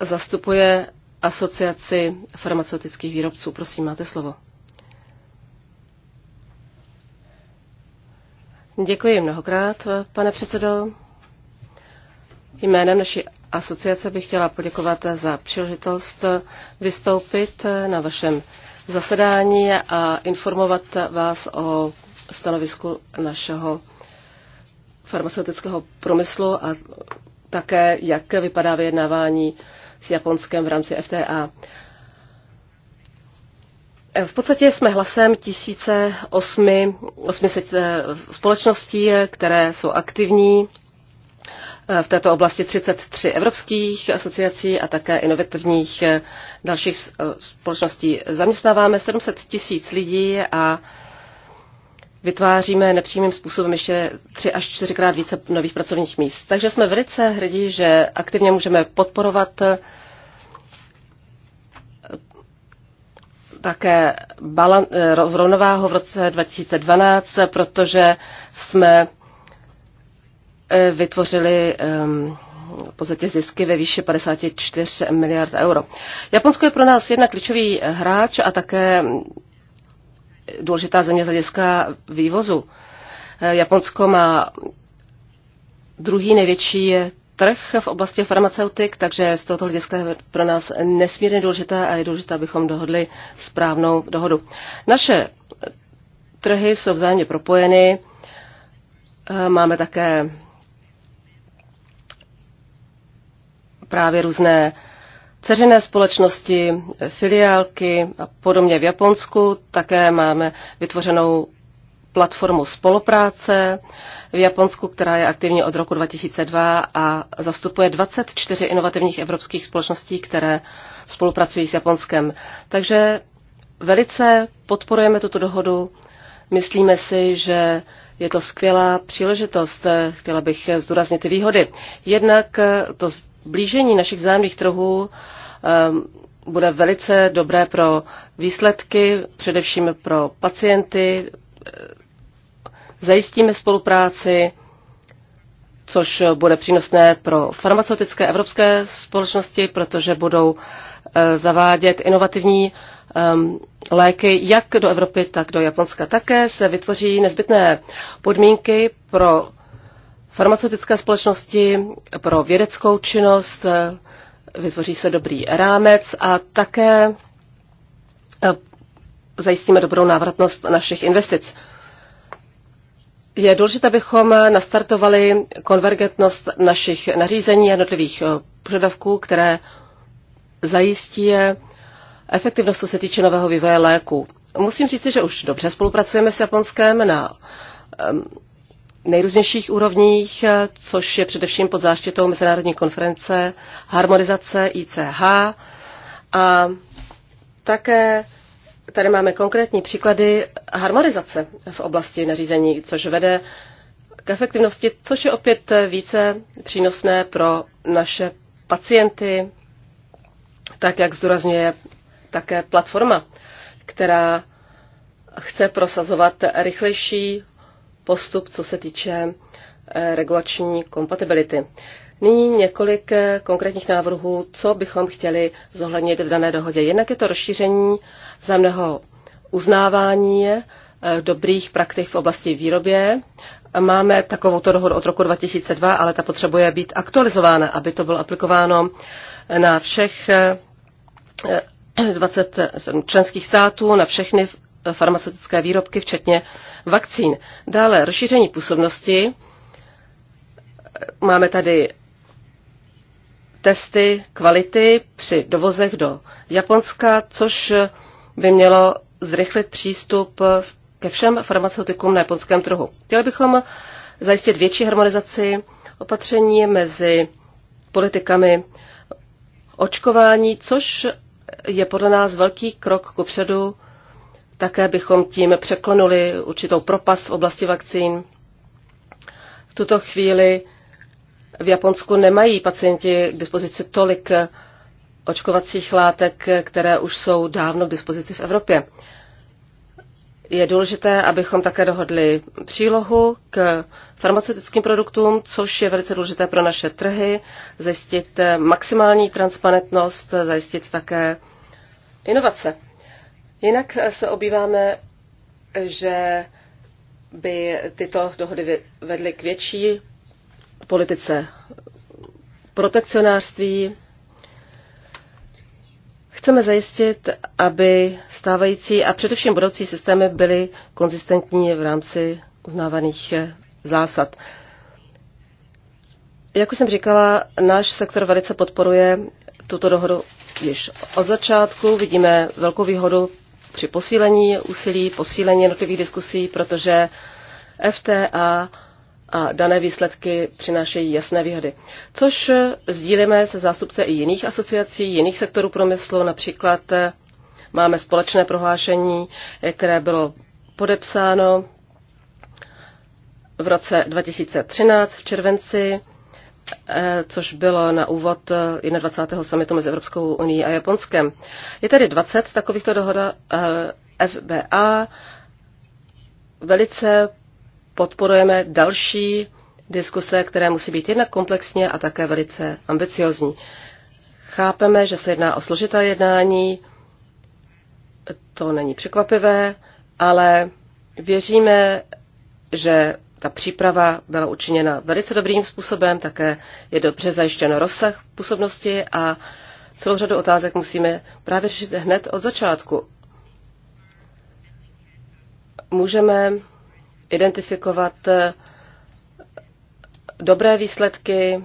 zastupuje asociaci farmaceutických výrobců. Prosím, máte slovo. Děkuji mnohokrát, pane předsedo. Jménem naší asociace bych chtěla poděkovat za příležitost vystoupit na vašem zasedání a informovat vás o stanovisku našeho farmaceutického průmyslu a také, jak vypadá vyjednávání s Japonskem v rámci FTA. V podstatě jsme hlasem 1800 eh, společností, eh, které jsou aktivní Eh, v této oblasti 33 evropských asociací a také inovativních eh, dalších eh, společností. Zaměstnáváme 700 tisíc lidí a vytváříme nepřímým způsobem ještě tři až čtyřikrát více nových pracovních míst. Takže jsme velice hrdí, že aktivně můžeme podporovat také balan rovnováhu v roce 2012, protože jsme E, vytvořili v podstatě zisky ve výši 54 miliard euro. Japonsko je pro nás jedna klíčový hráč a také důležitá země z hlediska vývozu. E, Japonsko má druhý největší trh v oblasti farmaceutik, takže z tohoto hlediska je pro nás nesmírně důležité a je důležité, abychom dohodli správnou dohodu. Naše trhy jsou vzájemně propojeny, e, máme také právě různé ceřené společnosti, filiálky a podobně v Japonsku. Také máme vytvořenou platformu spolupráce v Japonsku, která je aktivní od roku 2002 a zastupuje 24 inovativních evropských společností, které spolupracují s Japonskem. Takže velice podporujeme tuto dohodu. Myslíme si, že je to skvělá příležitost. Chtěla bych zdůraznit ty výhody. Jednak to blížení našich vzájemných trhů ehm, bude velice dobré pro výsledky, především pro pacienty. Eh, zajistíme spolupráci, což bude přínosné pro farmaceutické evropské společnosti, protože budou eh, zavádět inovativní ehm, léky jak do Evropy, tak do Japonska. Také se vytvoří nezbytné podmínky pro farmaceutické společnosti pro vědeckou činnost, vytvoří se dobrý rámec a také eh, zajistíme dobrou návratnost našich investic. Je důležité, abychom nastartovali konvergentnost našich nařízení jednotlivých eh, požadavků, které zajistí efektivnost, co se týče nového vývoje léku. Musím říci, že už dobře spolupracujeme s Japonskem na nejrůznějších úrovních, eh, což je především pod záštitou Mezinárodní konference harmonizace ICH. A také tady máme konkrétní příklady harmonizace v oblasti nařízení, což vede k efektivnosti, což je opět více přínosné pro naše pacienty, tak jak zdůrazňuje také platforma, která chce prosazovat rychlejší postup, co se týče eh, regulační kompatibility. Nyní několik eh, konkrétních návrhů, co bychom chtěli zohlednit v dané dohodě. Jednak je to rozšíření zemného uznávání eh, dobrých praktik v oblasti výrobě. Máme takovouto dohodu od roku 2002, ale ta potřebuje být aktualizována, aby to bylo aplikováno na všech 27 členských států, na všechny farmaceutické výrobky, včetně vakcín. Dále rozšíření působnosti. Máme tady testy kvality při dovozech do Japonska, což by mělo zrychlit přístup ke všem farmaceutikům na japonském trhu. Chtěli bychom zajistit větší harmonizaci opatření mezi politikami očkování, což je podle nás velký krok kupředu také bychom tím překlonuli určitou propast v oblasti vakcín. V tuto chvíli v Japonsku nemají pacienti k dispozici tolik očkovacích látek, které už jsou dávno k dispozici v Evropě. Je důležité, abychom také dohodli přílohu k farmaceutickým produktům, což je velice důležité pro naše trhy, zajistit maximální transparentnost, zajistit také inovace. Jinak se obýváme, že by tyto dohody vedly k větší politice protekcionářství. Chceme zajistit, aby stávající a především budoucí systémy byly konzistentní v rámci uznávaných zásad. Jak už jsem říkala, náš sektor velice podporuje tuto dohodu již od začátku. Vidíme velkou výhodu při posílení úsilí, posílení jednotlivých diskusí, protože FTA a dané výsledky přinášejí jasné výhody. Což sdílíme se zástupce i jiných asociací, jiných sektorů průmyslu, například eh, máme společné prohlášení, eh, které bylo podepsáno v roce 2013 v červenci Eh, což bylo na úvod eh, 21. summitu mezi Evropskou unii a Japonskem. Je tady 20 takovýchto dohoda eh, FBA. Velice podporujeme další diskuse, které musí být jednak komplexně a také velice ambiciozní. Chápeme, že se jedná o složitá jednání, to není překvapivé, ale věříme, že ta příprava byla učiněna velice dobrým způsobem, také je dobře zajištěn rozsah působnosti a celou řadu otázek musíme právě řešit hned od začátku. Můžeme identifikovat eh, dobré výsledky,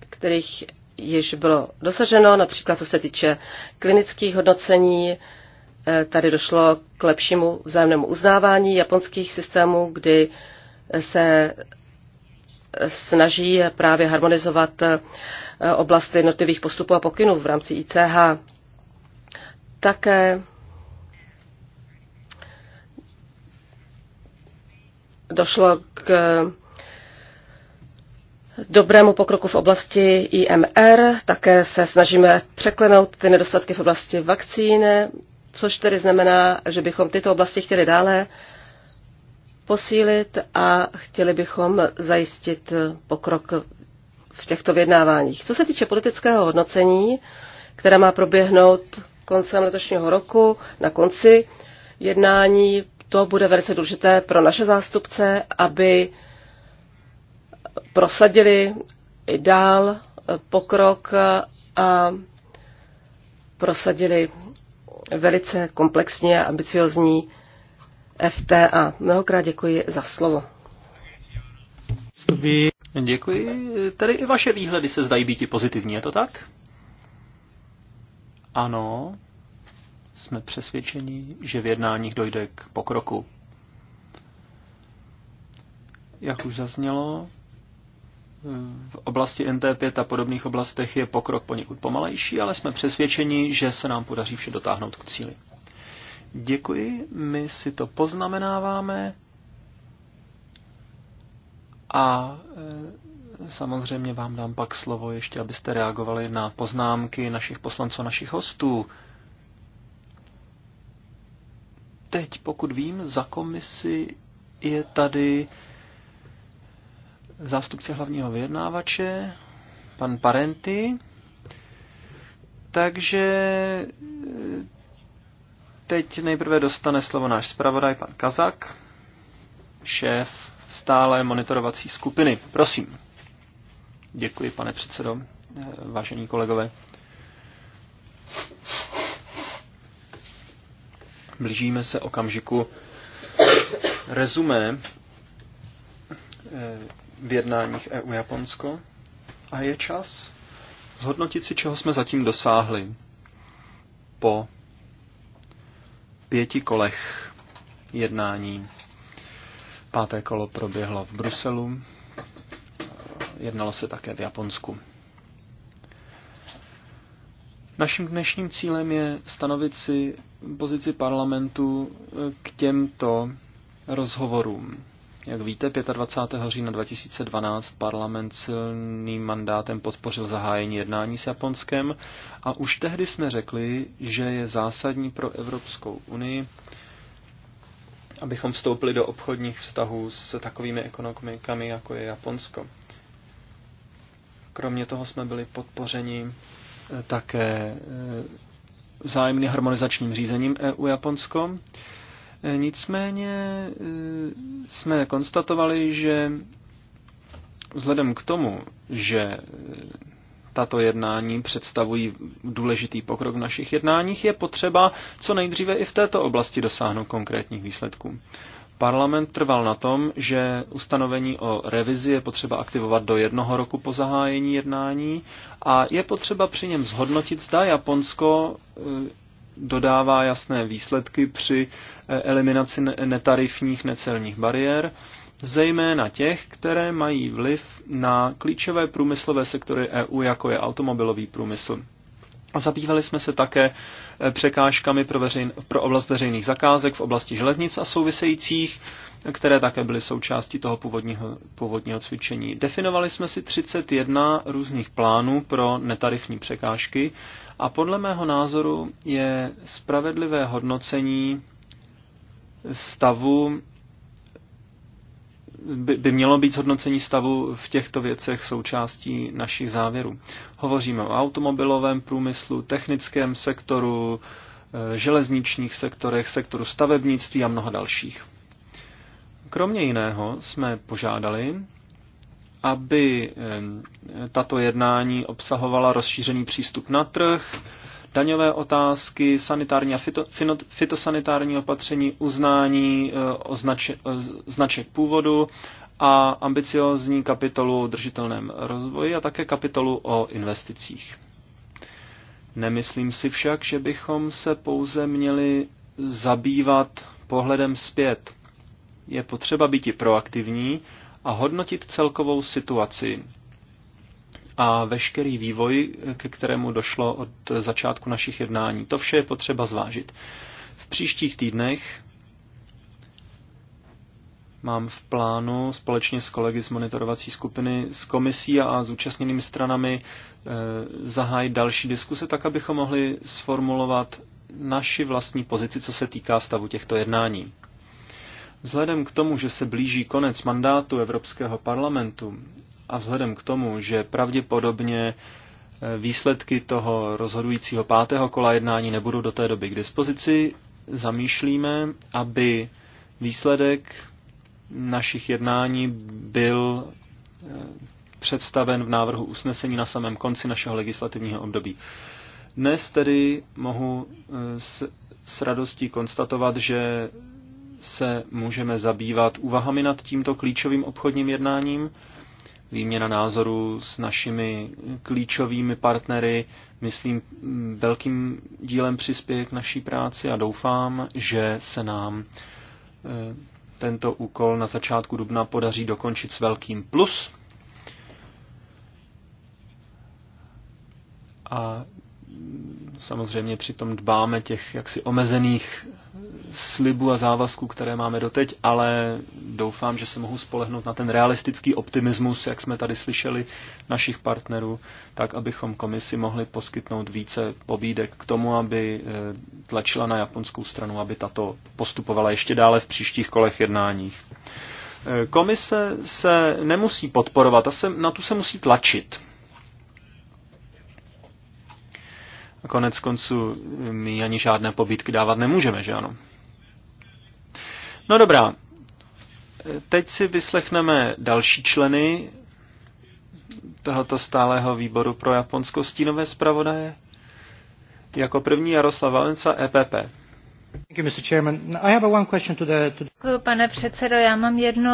kterých již bylo dosaženo, například co se týče klinických hodnocení, eh, tady došlo k lepšímu vzájemnému uznávání japonských systémů, kdy se snaží právě harmonizovat eh, oblasti jednotlivých postupů a pokynů v rámci ICH. Také došlo k dobrému pokroku v oblasti IMR, také se snažíme překlenout ty nedostatky v oblasti vakcíny, což tedy znamená, že bychom tyto oblasti chtěli dále posílit a chtěli bychom zajistit pokrok v těchto vyjednáváních. Co se týče politického hodnocení, které má proběhnout koncem letošního roku, na konci jednání, to bude velice důležité pro naše zástupce, aby prosadili i dál pokrok a prosadili velice komplexní a ambiciozní FTA. Mnohokrát děkuji za slovo. Děkuji. Tady i vaše výhledy se zdají být pozitivní, je to tak? Ano, jsme přesvědčeni, že v jednáních dojde k pokroku. Jak už zaznělo, v oblasti NT5 a podobných oblastech je pokrok poněkud pomalejší, ale jsme přesvědčeni, že se nám podaří vše dotáhnout k cíli. Děkuji, my si to poznamenáváme a e, samozřejmě vám dám pak slovo ještě, abyste reagovali na poznámky našich poslanců a našich hostů. Teď, pokud vím, za komisi je tady zástupce hlavního vyjednávače, pan Parenty. Takže Teď nejprve dostane slovo náš zpravodaj, pan Kazak, šéf stále monitorovací skupiny. Prosím. Děkuji, pane předsedo, eh, vážení kolegové. Blížíme se okamžiku rezumé eh, v jednáních EU-Japonsko a je čas zhodnotit si, čeho jsme zatím dosáhli po pěti kolech jednání. Páté kolo proběhlo v Bruselu, jednalo se také v Japonsku. Naším dnešním cílem je stanovit si pozici parlamentu k těmto rozhovorům. Jak víte, 25. října 2012 parlament silným mandátem podpořil zahájení jednání s Japonskem a už tehdy jsme řekli, že je zásadní pro Evropskou unii, abychom vstoupili do obchodních vztahů s takovými ekonomikami, jako je Japonsko. Kromě toho jsme byli podpořeni eh, také eh, vzájemně harmonizačním řízením EU-Japonsko Nicméně eh, jsme konstatovali, že vzhledem k tomu, že eh, tato jednání představují důležitý pokrok v našich jednáních, je potřeba co nejdříve i v této oblasti dosáhnout konkrétních výsledků. Parlament trval na tom, že ustanovení o revizi je potřeba aktivovat do jednoho roku po zahájení jednání a je potřeba při něm zhodnotit, zda Japonsko eh, dodává jasné výsledky při eh, eliminaci netarifních necelních bariér, zejména těch, které mají vliv na klíčové průmyslové sektory EU, jako je automobilový průmysl. A zabývali jsme se také e, překážkami pro, veřejn, pro oblast veřejných zakázek v oblasti železnic a souvisejících, které také byly součástí toho původního, původního cvičení. Definovali jsme si 31 různých plánů pro netarifní překážky a podle mého názoru je spravedlivé hodnocení stavu by, by mělo být zhodnocení stavu v těchto věcech součástí našich závěrů. Hovoříme o automobilovém průmyslu, technickém sektoru, eh, železničních sektorech, sektoru stavebnictví a mnoha dalších. Kromě jiného jsme požádali, aby eh, tato jednání obsahovala rozšířený přístup na trh, daňové otázky, sanitární a fito, fitosanitární opatření, uznání eh, označ, eh, značek původu a ambiciozní kapitolu o držitelném rozvoji a také kapitolu o investicích. Nemyslím si však, že bychom se pouze měli zabývat pohledem zpět. Je potřeba být i proaktivní a hodnotit celkovou situaci, a veškerý vývoj, ke kterému došlo od začátku našich jednání. To vše je potřeba zvážit. V příštích týdnech mám v plánu společně s kolegy z monitorovací skupiny, s komisí a zúčastněnými stranami eh, zahájit další diskuse, tak abychom mohli sformulovat naši vlastní pozici, co se týká stavu těchto jednání. Vzhledem k tomu, že se blíží konec mandátu Evropského parlamentu a vzhledem k tomu, že pravděpodobně eh, výsledky toho rozhodujícího pátého kola jednání nebudou do té doby k dispozici, zamýšlíme, aby výsledek našich jednání byl eh, představen v návrhu usnesení na samém konci našeho legislativního období. Dnes tedy mohu eh, s, s radostí konstatovat, že se můžeme zabývat úvahami nad tímto klíčovým obchodním jednáním výměna názorů s našimi klíčovými partnery, myslím, velkým dílem přispěje k naší práci a doufám, že se nám eh, tento úkol na začátku dubna podaří dokončit s velkým plus. A samozřejmě přitom dbáme těch jaksi omezených slibů a závazků, které máme doteď, ale doufám, že se mohu spolehnout na ten realistický optimismus, jak jsme tady slyšeli našich partnerů, tak abychom komisi mohli poskytnout více pobídek k tomu, aby eh, tlačila na japonskou stranu, aby tato postupovala ještě dále v příštích kolech jednáních. Eh, komise se nemusí podporovat, a se, na tu se musí tlačit. A konec konců eh, my ani žádné pobídky dávat nemůžeme, že ano? No dobrá, Teď si vyslechneme další členy tohoto stálého výboru pro Japonsko stínové zpravodaje. Jako první Jaroslav Valenca, EPP. Pane předsedo, já mám jednu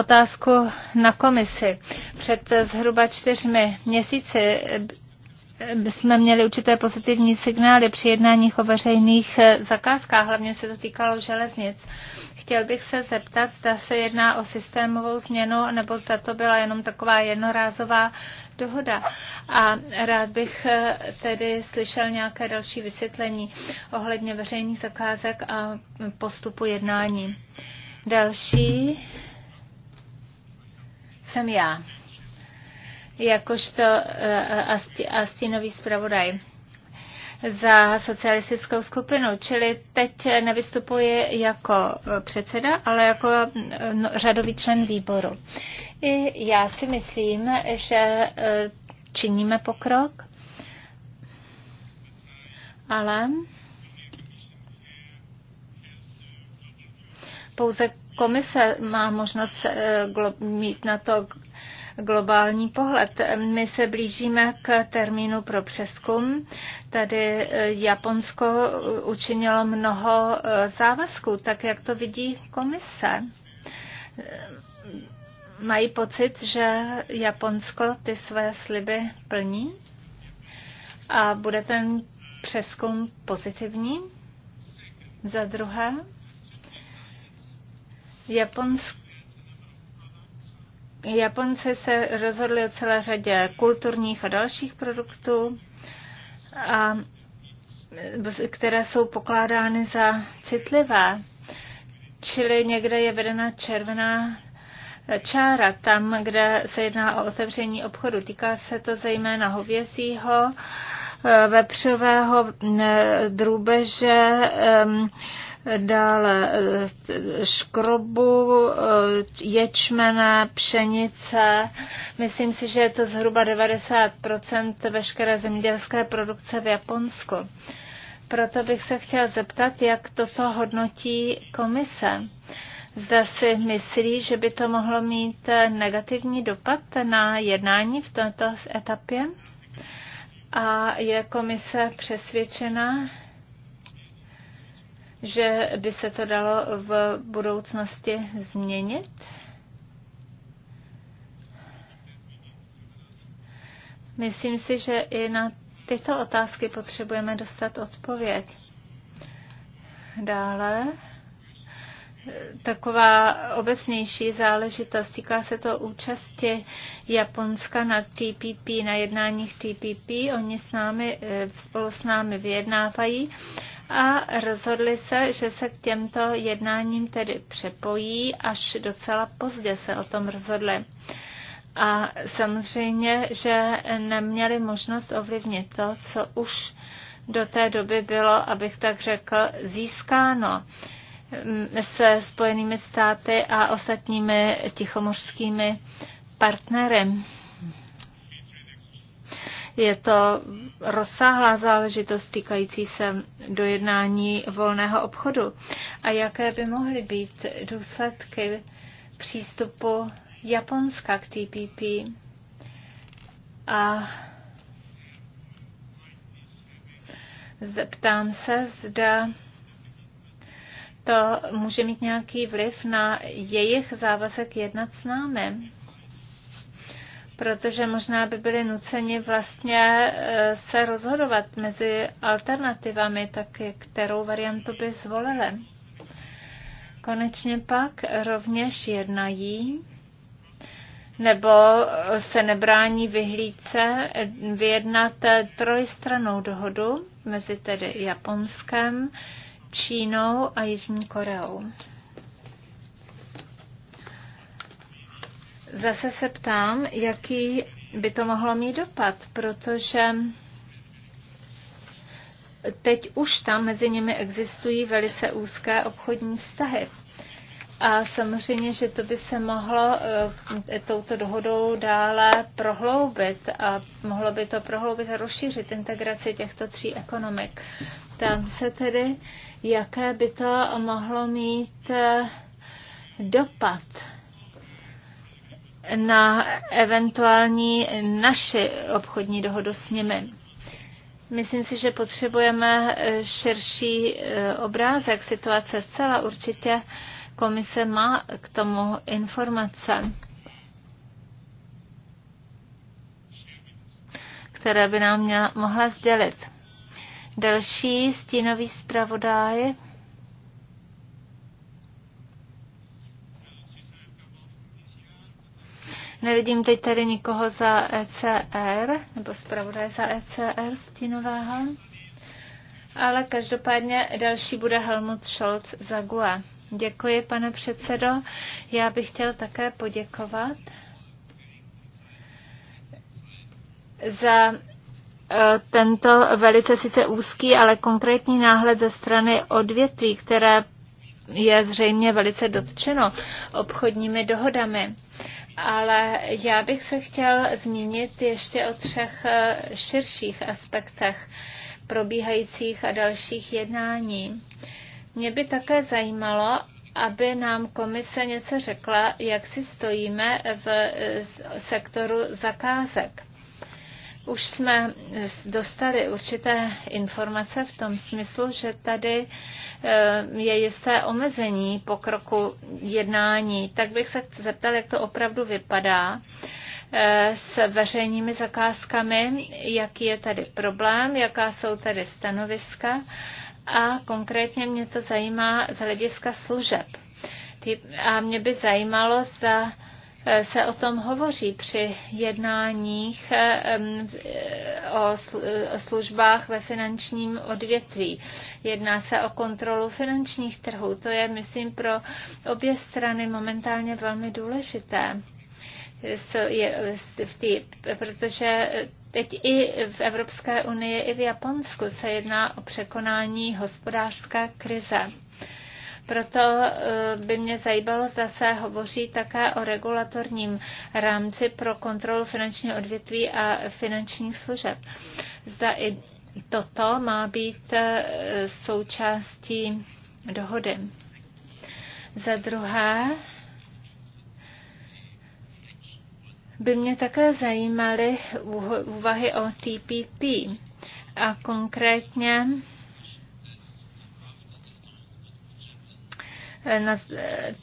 otázku na komisi. Před zhruba čtyřmi měsíci jsme měli určité pozitivní signály při jednáních o veřejných eh, zakázkách, hlavně se to týkalo železnic. Chtěl bych se zeptat, zda se jedná o systémovou změnu, nebo zda to byla jenom taková jednorázová dohoda. A rád bych eh, tedy slyšel nějaké další vysvětlení ohledně veřejných zakázek a postupu jednání. Další jsem já jakožto eh, eh, a stínový zpravodaj za socialistickou skupinu, čili teď nevystupuji jako eh, předseda, ale jako no, řadový člen výboru. I já si myslím, že činíme pokrok, ale pouze komise má možnost mít na to globální pohled. My se blížíme k termínu pro přeskum. Tady eh, Japonsko eh, učinilo mnoho eh, závazků, tak jak to vidí komise mají pocit, že Japonsko ty své sliby plní a bude ten přeskum pozitivní. Za druhé, Japonsko Japonci se rozhodli o celé řadě kulturních a dalších produktů, a, které jsou pokládány za citlivé. Čili někde je vedena červená čára tam, kde se jedná o otevření obchodu. Týká se to zejména hovězího, e, vepřového drůbeže, dále eh, škrobu, eh, ječmene, pšenice. Myslím si, že je to zhruba 90 veškeré zemědělské produkce v Japonsku. Proto bych se chtěla zeptat, jak toto hodnotí komise. Zda si myslí, že by to mohlo mít eh, negativní dopad na jednání v tomto etapě? A je komise přesvědčena, že by se to dalo v budoucnosti změnit? Myslím si, že i na tyto otázky potřebujeme dostat odpověď. Dále taková obecnější záležitost. Týká se to účasti Japonska na TPP, na jednáních TPP. Oni s námi, eh, spolu s námi vyjednávají a rozhodli se, že se k těmto jednáním tedy přepojí, až docela pozdě se o tom rozhodli. A samozřejmě, že neměli možnost ovlivnit to, co už do té doby bylo, abych tak řekl, získáno se Spojenými státy a ostatními tichomořskými partnery. Je to rozsáhlá záležitost týkající se dojednání volného obchodu. A jaké by mohly být důsledky přístupu Japonska k TPP? A Zeptám se, zda to může mít nějaký vliv na jejich závazek jednat s námi protože možná by byli nuceni vlastně eh, se rozhodovat mezi alternativami, tak kterou variantu by zvolili. Konečně pak rovněž jednají nebo se nebrání vyhlídce vyjednat trojstranou dohodu mezi tedy Japonskem, Čínou a Jižní Koreou. Zase se ptám, jaký by to mohlo mít dopad, protože teď už tam mezi nimi existují velice úzké obchodní vztahy. A samozřejmě, že to by se mohlo eh, touto dohodou dále prohloubit a mohlo by to prohloubit a rozšířit integraci těchto tří ekonomik. Tam se tedy, jaké by to mohlo mít eh, dopad na eventuální naši obchodní dohodu s nimi. Myslím si, že potřebujeme eh, širší eh, obrázek situace zcela. Určitě komise má k tomu informace, které by nám měla, mohla sdělit. Další stínový zpravodaj Nevidím teď tady nikoho za ECR, nebo zpravodaj za ECR stínového. Ale každopádně další bude Helmut Scholz za GUE. Děkuji, pane předsedo. Já bych chtěl také poděkovat za e, tento velice sice úzký, ale konkrétní náhled ze strany odvětví, které je zřejmě velice dotčeno obchodními dohodami ale já bych se chtěl zmínit ještě o třech eh, širších aspektech probíhajících a dalších jednání. Mě by také zajímalo, aby nám komise něco řekla, jak si stojíme v eh, sektoru zakázek už jsme eh, dostali určité informace v tom smyslu, že tady eh, je jisté omezení pokroku jednání. Tak bych se zeptal, jak to opravdu vypadá eh, s veřejnými zakázkami, jaký je tady problém, jaká jsou tady stanoviska a konkrétně mě to zajímá z hlediska služeb. A mě by zajímalo, zda Eh, se o tom hovoří při jednáních eh, eh, o službách ve finančním odvětví. Jedná se o kontrolu finančních trhů. To je, myslím, pro obě strany momentálně velmi důležité. protože Teď i v Evropské unii, i v Japonsku se jedná o překonání hospodářské krize. Proto eh, by mě zajímalo, zda se hovoří také o regulatorním rámci pro kontrolu finančního odvětví a finančních služeb. Zda i toto má být eh, součástí dohody. Za druhé, by mě také zajímaly úvahy o TPP a konkrétně Eh,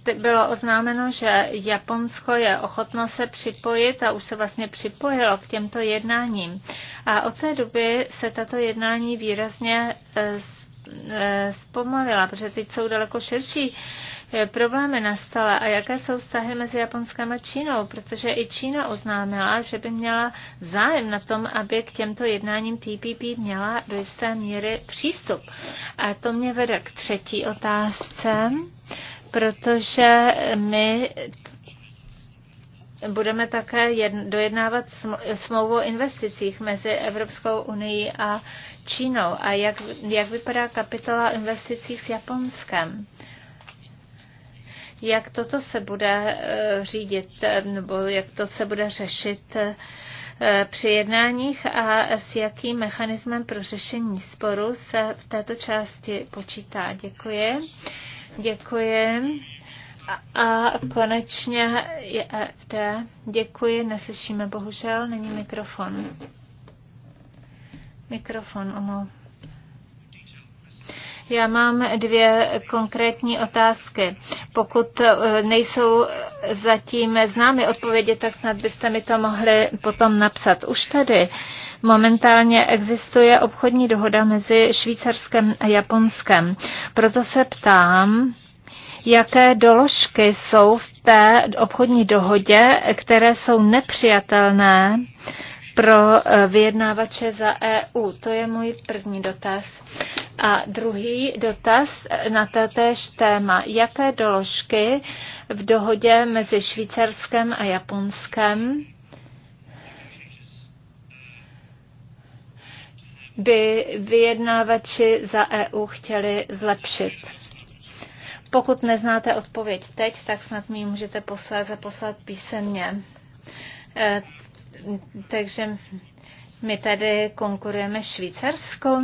eh, bylo oznámeno, že Japonsko je ochotno se připojit a už se vlastně připojilo k těmto jednáním. A od té doby se tato jednání výrazně eh, zpomalila, protože teď jsou daleko širší problémy nastaly a jaké jsou vztahy mezi Japonskem a Čínou, protože i Čína oznámila, že by měla zájem na tom, aby k těmto jednáním TPP měla do jisté míry přístup. A to mě vede k třetí otázce, protože my budeme také dojednávat smlouvu o investicích mezi Evropskou unii a Čínou. A jak, jak vypadá kapitola o investicích s Japonskem? jak toto se bude eh, řídit eh, nebo jak to se bude řešit eh, při jednáních a s jakým mechanismem pro řešení sporu se v této části počítá. Děkuji. Děkuji. A konečně je FD. Děkuji, neslyšíme bohužel, není mikrofon. Mikrofon, omlouvám. Já mám dvě konkrétní otázky. Pokud eh, nejsou zatím známy odpovědi, tak snad byste mi to mohli potom napsat. Už tady momentálně existuje obchodní dohoda mezi Švýcarskem a Japonskem. Proto se ptám, jaké doložky jsou v té obchodní dohodě, které jsou nepřijatelné pro eh, vyjednávače za EU. To je můj první dotaz. A druhý dotaz na též téma. Jaké doložky v dohodě mezi Švýcarskem a Japonskem by vyjednávači za EU chtěli zlepšit? Pokud neznáte odpověď teď, tak snad mi ji můžete posléze poslat písemně. E, takže my tady konkurujeme Švýcarskou.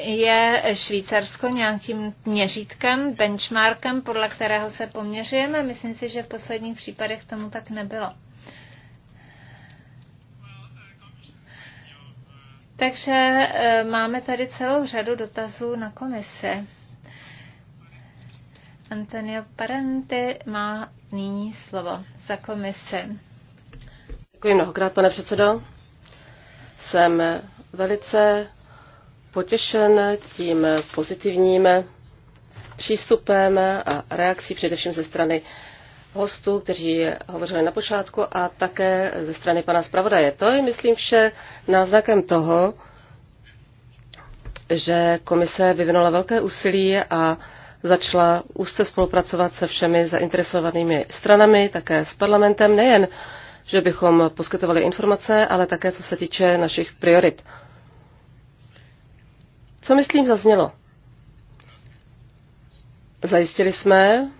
Je Švýcarsko nějakým měřítkem, benchmarkem, podle kterého se poměřujeme? Myslím si, že v posledních případech tomu tak nebylo. Takže e, máme tady celou řadu dotazů na komisi. Antonio Parenti má nyní slovo za komisi. Děkuji mnohokrát, pane předsedo. Jsem velice potěšen tím pozitivním přístupem a reakcí především ze strany hostů, kteří hovořili na počátku a také ze strany pana zpravodaje. To je, myslím, vše náznakem toho, že komise vyvinula velké úsilí a začala úzce spolupracovat se všemi zainteresovanými stranami, také s parlamentem, nejen, že bychom poskytovali informace, ale také co se týče našich priorit. Co myslím zaznělo? Zajistili jsme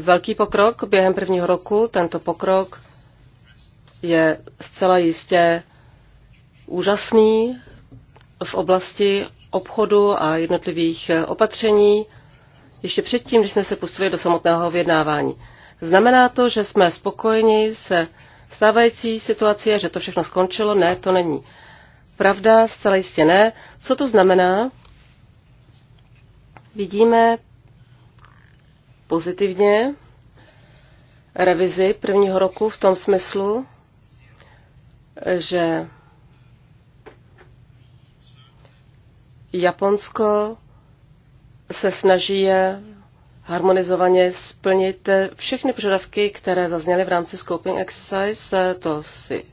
velký pokrok během prvního roku. Tento pokrok je zcela jistě úžasný v oblasti obchodu a jednotlivých opatření ještě předtím, když jsme se pustili do samotného vyjednávání. Znamená to, že jsme spokojeni se stávající situací a že to všechno skončilo? Ne, to není. Pravda, zcela jistě ne. Co to znamená? vidíme pozitivně revizi prvního roku v tom smyslu, že Japonsko se snaží harmonizovaně splnit všechny požadavky, které zazněly v rámci scoping exercise. To si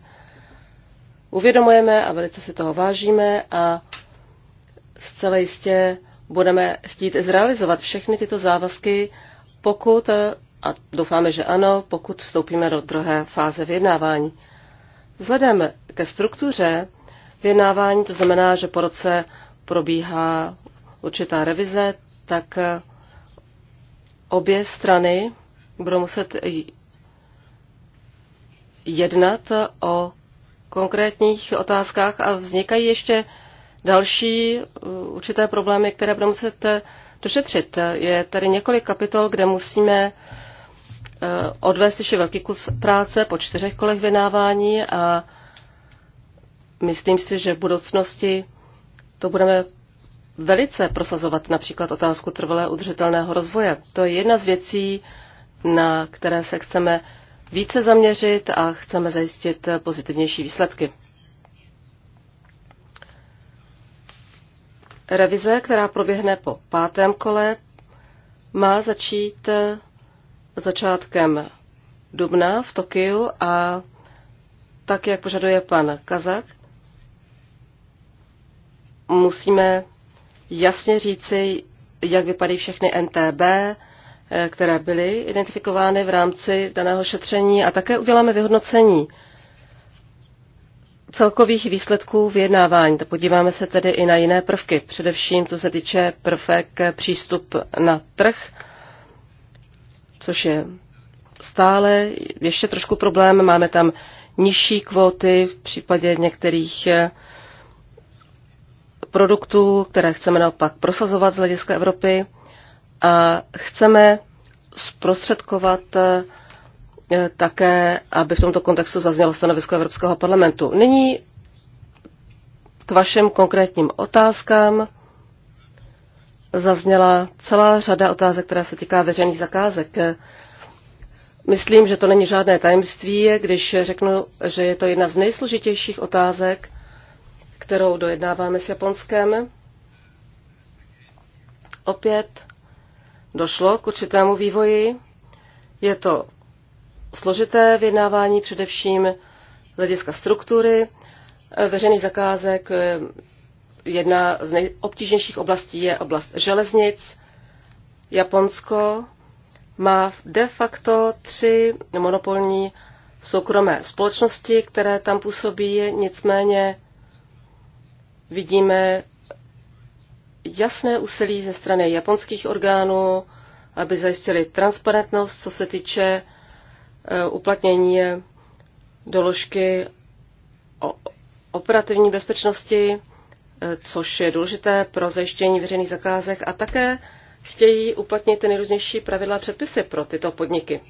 uvědomujeme a velice si toho vážíme a zcela jistě budeme chtít zrealizovat všechny tyto závazky, pokud, a doufáme, že ano, pokud vstoupíme do druhé fáze vyjednávání. Vzhledem ke struktuře vyjednávání, to znamená, že po roce probíhá určitá revize, tak obě strany budou muset jednat o konkrétních otázkách a vznikají ještě další uh, určité problémy, které budeme muset eh, došetřit. Je tady několik kapitol, kde musíme eh, odvést ještě velký kus práce po čtyřech kolech vynávání a myslím si, že v budoucnosti to budeme velice prosazovat, například otázku trvalé udržitelného rozvoje. To je jedna z věcí, na které se chceme více zaměřit a chceme zajistit pozitivnější výsledky. Revize, která proběhne po pátém kole, má začít eh, začátkem dubna v Tokiu a tak, jak požaduje pan Kazak, musíme jasně říci, jak vypadají všechny NTB, eh, které byly identifikovány v rámci daného šetření a také uděláme vyhodnocení celkových výsledků vyjednávání. Podíváme se tedy i na jiné prvky, především co se týče prvek eh, přístup na trh, což je stále ještě trošku problém. Máme tam nižší kvóty v případě některých eh, produktů, které chceme naopak prosazovat z hlediska Evropy a chceme zprostředkovat eh, E, také, aby v tomto kontextu zaznělo stanovisko Evropského parlamentu. Nyní k vašim konkrétním otázkám zazněla celá řada otázek, která se týká veřejných zakázek. Myslím, že to není žádné tajemství, když řeknu, že je to jedna z nejsložitějších otázek, kterou dojednáváme s Japonskem. Opět došlo k určitému vývoji. Je to složité vyjednávání, především hlediska struktury eh, Veřejný zakázek. Eh, Jedna z nejobtížnějších oblastí je oblast železnic. Japonsko má de facto tři monopolní soukromé společnosti, které tam působí, nicméně vidíme jasné úsilí ze strany japonských orgánů, aby zajistili transparentnost, co se týče Eh, uplatnění doložky o operativní bezpečnosti, eh, což je důležité pro zajištění veřejných zakázek a také chtějí uplatnit nejrůznější pravidla a předpisy pro tyto podniky.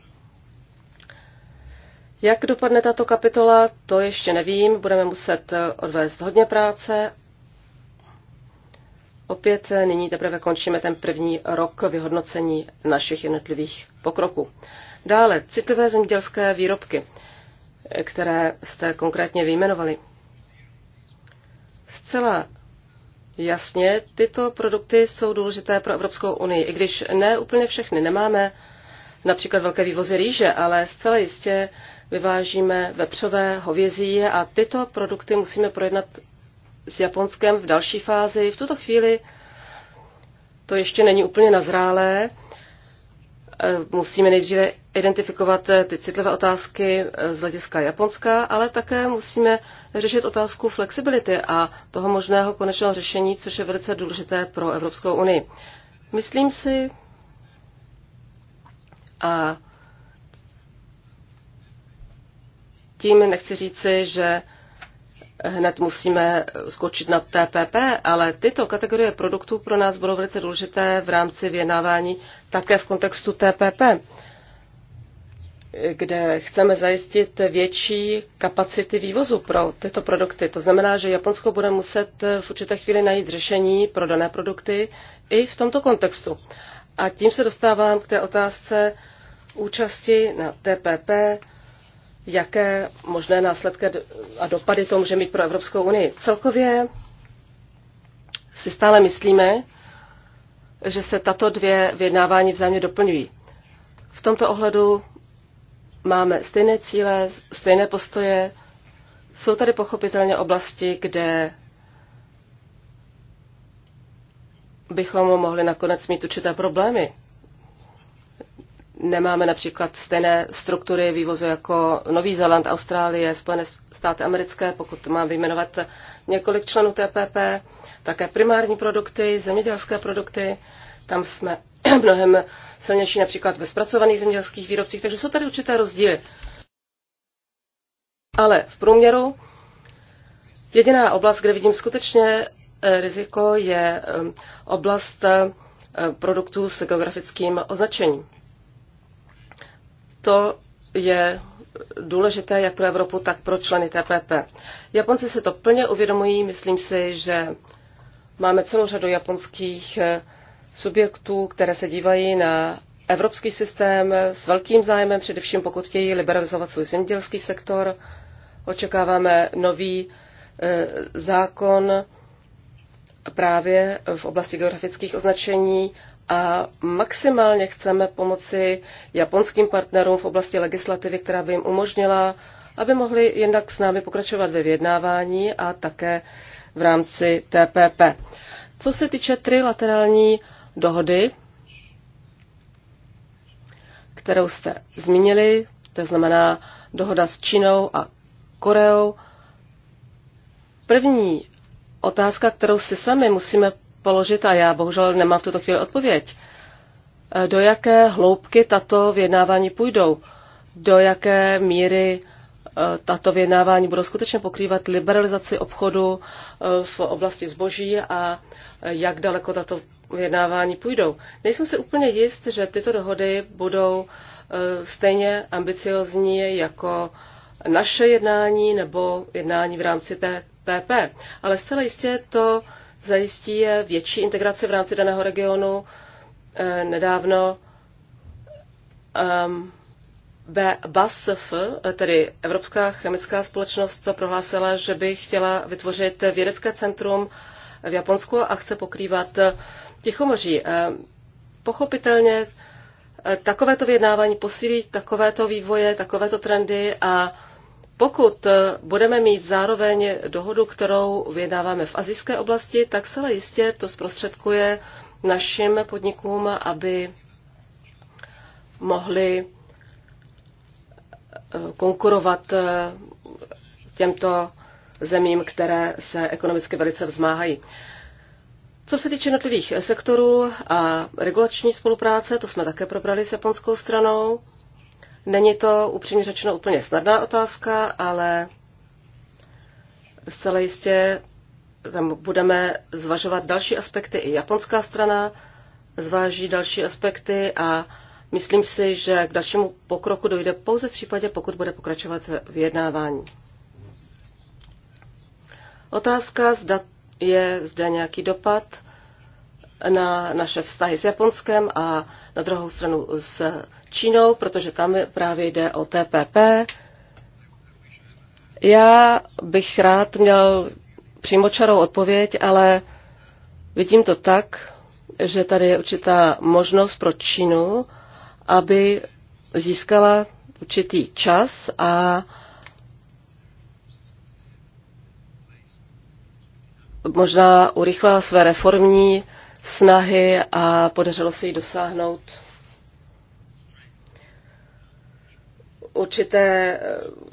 Jak dopadne tato kapitola, to ještě nevím. Budeme muset eh, odvést hodně práce. Opět nyní teprve končíme ten první rok vyhodnocení našich jednotlivých pokroků. Dále citové zemědělské výrobky, které jste konkrétně vyjmenovali. Zcela jasně, tyto produkty jsou důležité pro Evropskou unii, i když ne úplně všechny. Nemáme například velké vývozy rýže, ale zcela jistě vyvážíme vepřové, hovězí a tyto produkty musíme projednat s Japonskem v další fázi. V tuto chvíli to ještě není úplně nazrálé. E, musíme nejdříve identifikovat eh, ty citlivé otázky eh, z hlediska Japonska, ale také musíme řešit otázku flexibility a toho možného konečného řešení, což je velice důležité pro Evropskou unii. Myslím si, a tím nechci říci, že hned musíme skočit na TPP, ale tyto kategorie produktů pro nás budou velice důležité v rámci vyjednávání také v kontextu TPP kde chceme zajistit větší kapacity vývozu pro tyto produkty. To znamená, že Japonsko bude muset v určité chvíli najít řešení pro dané produkty i v tomto kontextu. A tím se dostávám k té otázce účasti na TPP, jaké možné následky a dopady to může mít pro Evropskou unii. Celkově si stále myslíme, že se tato dvě vyjednávání vzájemně doplňují. V tomto ohledu máme stejné cíle, stejné postoje. Jsou tady pochopitelně oblasti, kde bychom mohli nakonec mít určité problémy. Nemáme například stejné struktury vývozu jako Nový Zéland, Austrálie, Spojené státy americké, pokud mám vyjmenovat několik členů TPP, také primární produkty, zemědělské produkty. Tam jsme [clears throat] mnohem silnější například ve zpracovaných zemědělských výrobcích, takže jsou tady určité rozdíly. Ale v průměru jediná oblast, kde vidím skutečně eh, riziko, je eh, oblast eh, produktů s geografickým označením. To je důležité jak pro Evropu, tak pro členy TPP. Japonci se to plně uvědomují, myslím si, že máme celou řadu japonských subjektů, které se dívají na evropský systém s velkým zájmem, především pokud chtějí liberalizovat svůj zemědělský sektor. Očekáváme nový e, zákon právě v oblasti geografických označení a maximálně chceme pomoci japonským partnerům v oblasti legislativy, která by jim umožnila, aby mohli jednak s námi pokračovat ve vyjednávání a také v rámci TPP. Co se týče trilaterální dohody, kterou jste zmínili, to znamená dohoda s Čínou a Koreou. První otázka, kterou si sami musíme položit, a já bohužel nemám v tuto chvíli odpověď, eh, do jaké hloubky tato vyjednávání půjdou, do jaké míry eh, tato vyjednávání budou skutečně pokrývat liberalizaci obchodu eh, v oblasti zboží a jak daleko tato ujednávání půjdou. Nejsem si úplně jist, že tyto dohody budou e, stejně ambiciozní jako naše jednání nebo jednání v rámci TPP. Ale zcela jistě to zajistí větší integraci v rámci daného regionu. E, nedávno um, BASF, tedy Evropská chemická společnost, prohlásila, že by chtěla vytvořit vědecké centrum v Japonsku a chce pokrývat Tichomoří. Eh, pochopitelně eh, takovéto vyjednávání posílí takovéto vývoje, takovéto trendy a pokud eh, budeme mít zároveň dohodu, kterou vyjednáváme v azijské oblasti, tak celé jistě to zprostředkuje našim podnikům, aby mohli konkurovat těmto zemím, které se ekonomicky velice vzmáhají. Co se týče jednotlivých eh, sektorů a regulační spolupráce, to jsme také probrali s japonskou stranou. Není to upřímně řečeno úplně snadná otázka, ale zcela jistě tam budeme zvažovat další aspekty. I japonská strana zváží další aspekty a myslím si, že k dalšímu pokroku dojde pouze v případě, pokud bude pokračovat vyjednávání. Otázka, zda je zde nějaký dopad na naše vztahy s Japonskem a na druhou stranu s Čínou, protože tam právě jde o TPP. Já bych rád měl přímočarou odpověď, ale vidím to tak, že tady je určitá možnost pro Čínu, aby získala určitý čas a možná urychlila své reformní snahy a podařilo se jí dosáhnout určité eh,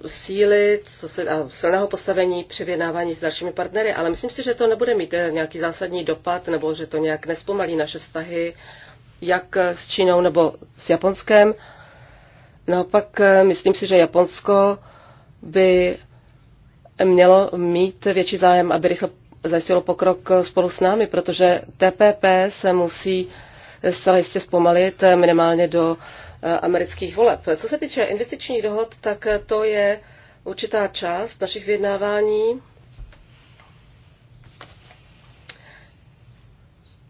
síly co se, a silného postavení při vyjednávání s dalšími partnery, ale myslím si, že to nebude mít eh, nějaký zásadní dopad nebo že to nějak nespomalí naše vztahy jak s Čínou nebo s Japonskem. Naopak eh, myslím si, že Japonsko by mělo mít větší zájem, aby rychle zajistilo pokrok spolu s námi, protože TPP se musí zcela jistě zpomalit minimálně do eh, amerických voleb. Co se týče investičních dohod, tak to je určitá část našich vyjednávání.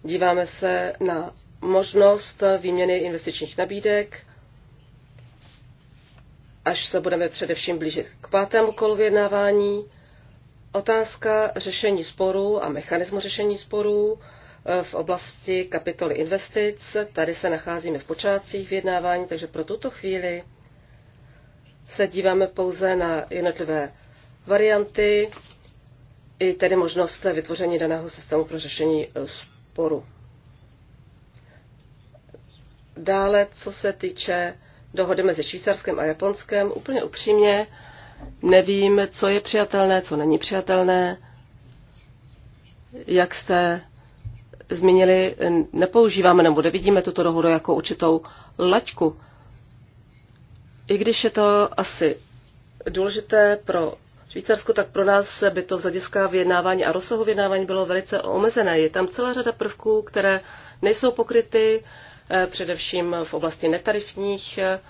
Díváme se na možnost výměny investičních nabídek, až se budeme především blížit k pátému kolu vyjednávání. Otázka řešení sporů a mechanismu řešení sporů eh, v oblasti kapitoly investic. Tady se nacházíme v počátcích vyjednávání, takže pro tuto chvíli se díváme pouze na jednotlivé varianty i tedy možnost vytvoření daného systému pro řešení eh, sporu. Dále, co se týče dohody mezi Švýcarskem a Japonskem, úplně upřímně, Nevím, co je přijatelné, co není přijatelné. Jak jste zmínili, nepoužíváme nebo nevidíme tuto dohodu jako určitou laťku. I když je to asi důležité pro Švýcarsko, tak pro nás by to z hlediska vyjednávání a rozsahu vyjednávání bylo velice omezené. Je tam celá řada prvků, které nejsou pokryty, eh, především v oblasti netarifních eh,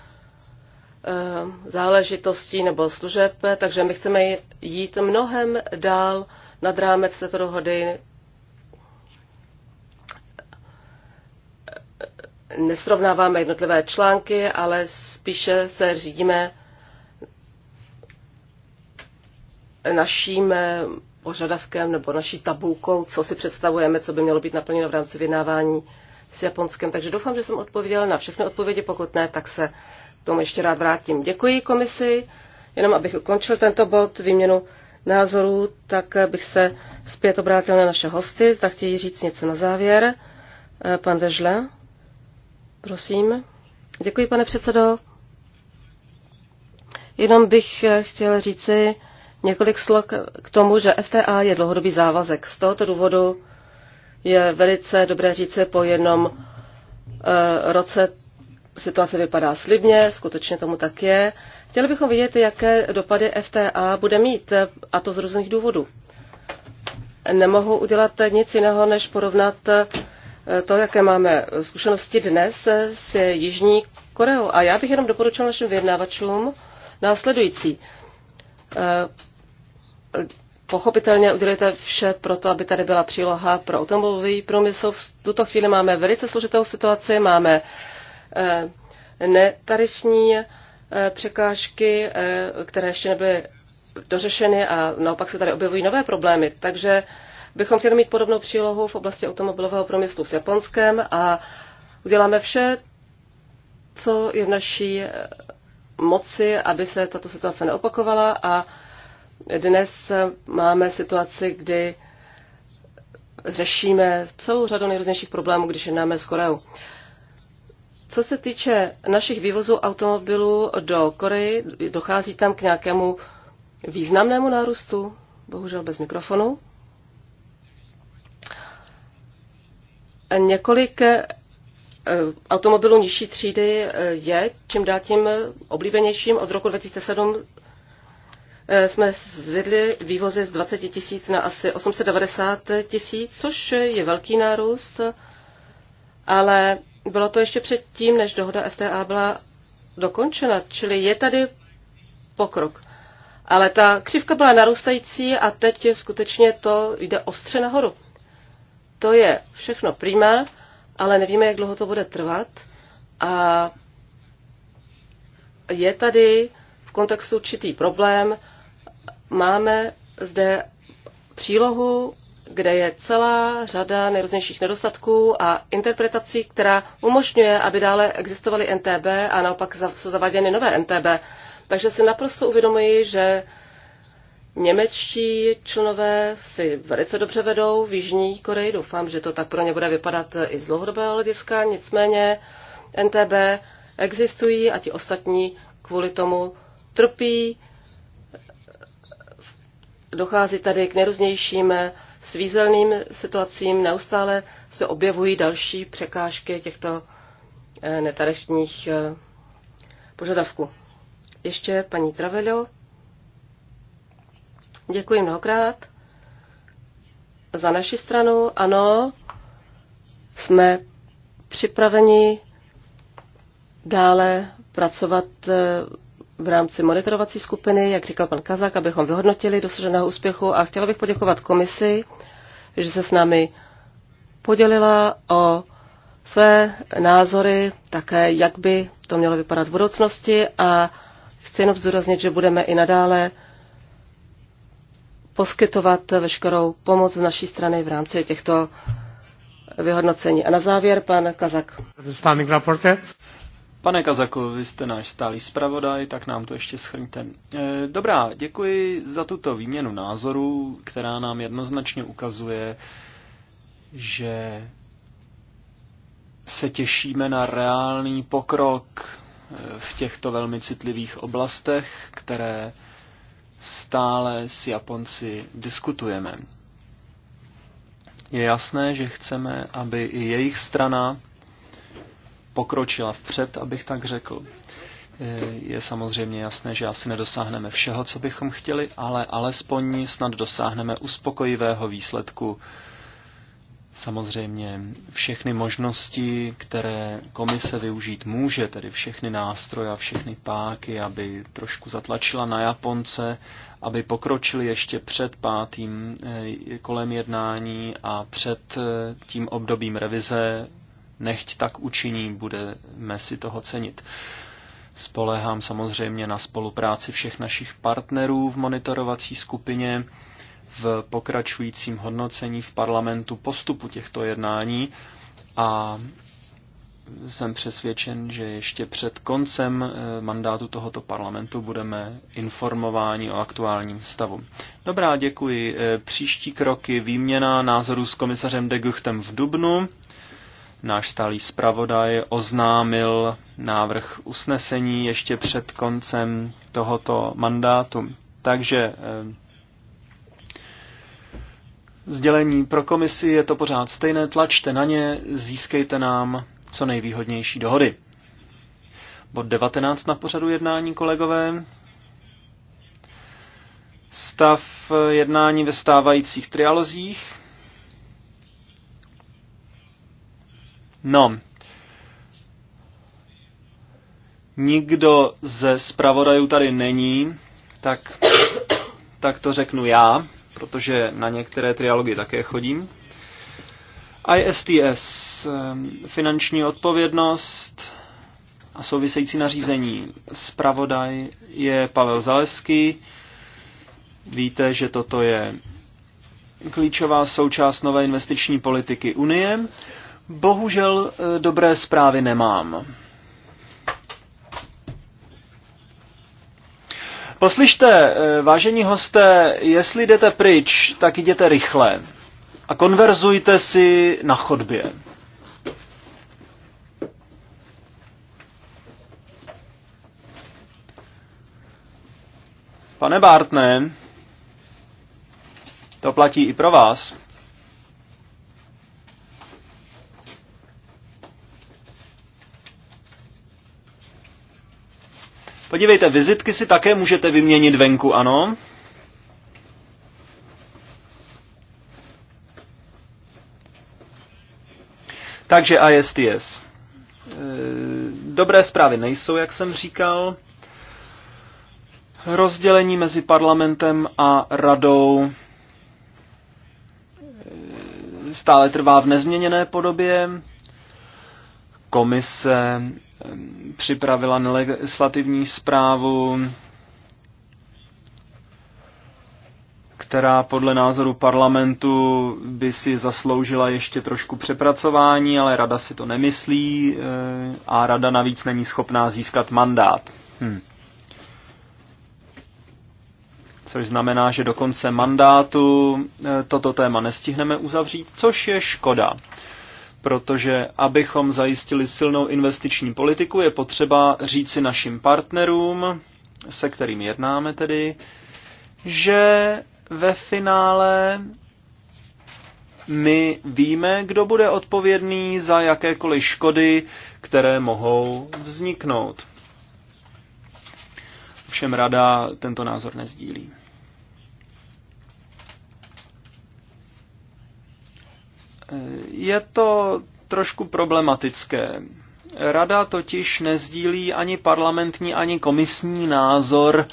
Eh, záležitostí nebo služeb, takže my chceme jít mnohem dál nad rámec této dohody. Nesrovnáváme jednotlivé články, ale spíše se řídíme naším eh, požadavkem nebo naší tabulkou, co si představujeme, co by mělo být naplněno v rámci vyjednávání s Japonskem. Takže doufám, že jsem odpověděla na všechny odpovědi, pokud ne, tak se tomu ještě rád vrátím. Děkuji komisi. Jenom abych ukončil tento bod, výměnu názorů, tak bych se zpět obrátil na naše hosty. Tak chtějí říct něco na závěr. Eh, pan Vežle, prosím. Děkuji, pane předsedo. Jenom bych eh, chtěl říci několik slov k tomu, že FTA je dlouhodobý závazek. Z tohoto důvodu je velice dobré říci po jednom eh, roce situace vypadá slibně, skutečně tomu tak je. Chtěli bychom vidět, jaké dopady FTA bude mít, a to z různých důvodů. Nemohu udělat nic jiného, než porovnat eh, to, jaké máme zkušenosti dnes s Jižní Koreou. A já bych jenom doporučil našim vyjednávačům následující. Eh, pochopitelně udělejte vše pro to, aby tady byla příloha pro automobilový průmysl. V tuto chvíli máme velice složitou situaci, máme uh, Eh, netarifní eh, překážky, eh, které ještě nebyly dořešeny a naopak se tady objevují nové problémy. Takže bychom chtěli mít podobnou přílohu v oblasti automobilového průmyslu s Japonskem a uděláme vše, co je v naší moci, aby se tato situace neopakovala a dnes máme situaci, kdy řešíme celou řadu nejrůznějších problémů, když jednáme s Koreou. Co se týče našich vývozů automobilů do Koreji, dochází tam k nějakému významnému nárůstu? Bohužel bez mikrofonu. Několik eh, automobilů nižší třídy eh, je čím dál tím oblíbenějším. Od roku 2007 eh, jsme zvedli vývozy z 20 tisíc na asi 890 tisíc, což je velký nárůst, ale bylo to ještě předtím, než dohoda FTA byla dokončena, čili je tady pokrok. Ale ta křivka byla narůstající a teď je skutečně to jde ostře nahoru. To je všechno přímé, ale nevíme, jak dlouho to bude trvat. A je tady v kontextu určitý problém. Máme zde přílohu kde je celá řada nejrůznějších nedostatků a interpretací, která umožňuje, aby dále existovaly NTB a naopak jsou zaváděny nové NTB. Takže si naprosto uvědomuji, že Němečtí členové si velice dobře vedou v Jižní Koreji. Doufám, že to tak pro ně bude vypadat i z dlouhodobého hlediska. Nicméně NTB existují a ti ostatní kvůli tomu trpí. Dochází tady k nejrůznějším svízelným situacím. Neustále se objevují další překážky těchto eh, netarifních eh, požadavků. Ještě paní Travelio. Děkuji mnohokrát. Za naši stranu, ano, jsme připraveni dále pracovat eh, v rámci monitorovací skupiny, jak říkal pan Kazak, abychom vyhodnotili dosaženého úspěchu a chtěla bych poděkovat komisi, že se s námi podělila o své názory, také jak by to mělo vypadat v budoucnosti a chci jenom zdůraznit, že budeme i nadále poskytovat veškerou pomoc z naší strany v rámci těchto vyhodnocení. A na závěr pan Kazak. Pane Kazaku, vy jste náš stálý zpravodaj, tak nám to ještě schrňte. Eh, dobrá, děkuji za tuto výměnu názorů, která nám jednoznačně ukazuje, že se těšíme na reálný pokrok eh, v těchto velmi citlivých oblastech, které stále s Japonci diskutujeme. Je jasné, že chceme, aby i jejich strana pokročila vpřed, abych tak řekl. Je samozřejmě jasné, že asi nedosáhneme všeho, co bychom chtěli, ale alespoň snad dosáhneme uspokojivého výsledku. Samozřejmě všechny možnosti, které komise využít může, tedy všechny nástroje a všechny páky, aby trošku zatlačila na Japonce, aby pokročili ještě před pátým eh, kolem jednání a před eh, tím obdobím revize nechť tak učiní, budeme si toho cenit. Spolehám samozřejmě na spolupráci všech našich partnerů v monitorovací skupině, v pokračujícím hodnocení v parlamentu postupu těchto jednání a jsem přesvědčen, že ještě před koncem eh, mandátu tohoto parlamentu budeme informováni o aktuálním stavu. Dobrá, děkuji. Eh, příští kroky výměna názorů s komisařem de Guchtem v Dubnu Náš stálý zpravodaj oznámil návrh usnesení ještě před koncem tohoto mandátu. Takže eh, sdělení pro komisi je to pořád stejné, tlačte na ně, získejte nám co nejvýhodnější dohody. Bod 19 na pořadu jednání, kolegové. Stav eh, jednání ve stávajících trialozích. No, nikdo ze zpravodajů tady není, tak, tak to řeknu já, protože na některé trialogy také chodím. ISTS, ehm, finanční odpovědnost a související nařízení. Spravodaj je Pavel Zalesky. Víte, že toto je klíčová součást nové investiční politiky Unie Bohužel eh, dobré zprávy nemám. Poslyšte, eh, vážení hosté, jestli jdete pryč, tak jděte rychle a konverzujte si na chodbě. Pane Bartne, to platí i pro vás. Podívejte, vizitky si také můžete vyměnit venku, ano? Takže ISTS. Eh, dobré zprávy nejsou, jak jsem říkal. Rozdělení mezi parlamentem a radou eh, stále trvá v nezměněné podobě. Komise připravila legislativní zprávu, která podle názoru parlamentu by si zasloužila ještě trošku přepracování, ale rada si to nemyslí eh, a rada navíc není schopná získat mandát. Hm. Což znamená, že do konce mandátu eh, toto téma nestihneme uzavřít, což je škoda protože abychom zajistili silnou investiční politiku, je potřeba říci našim partnerům, se kterými jednáme tedy, že ve finále my víme, kdo bude odpovědný za jakékoliv škody, které mohou vzniknout. Všem rada tento názor nezdílí. Je to trošku problematické. Rada totiž nezdílí ani parlamentní, ani komisní názor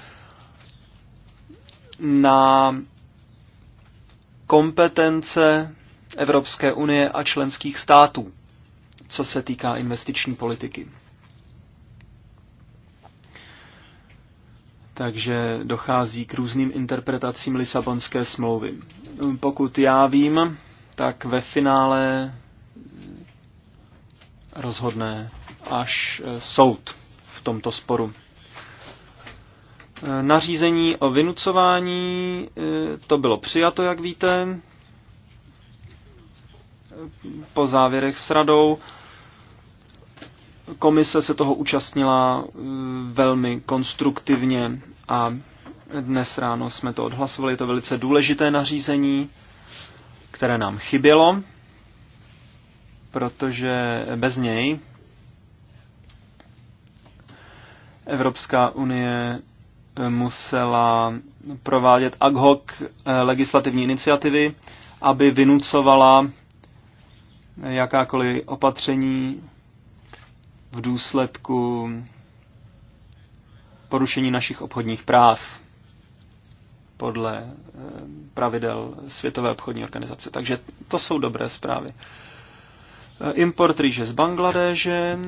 na kompetence Evropské unie a členských států, co se týká investiční politiky. Takže dochází k různým interpretacím Lisabonské smlouvy. Pokud já vím, tak ve finále rozhodne až eh, soud v tomto sporu. Eh, nařízení o vynucování eh, to bylo přijato, jak víte, po závěrech s radou. Komise se toho účastnila velmi konstruktivně a dnes ráno jsme to odhlasovali. Je to velice důležité nařízení které nám chybělo, protože bez něj Evropská unie musela provádět ad hoc eh, legislativní iniciativy, aby vynucovala jakákoliv opatření v důsledku porušení našich obchodních práv podle eh, pravidel Světové obchodní organizace. Takže to jsou dobré zprávy. Eh, import rýže z Bangladeže, eh,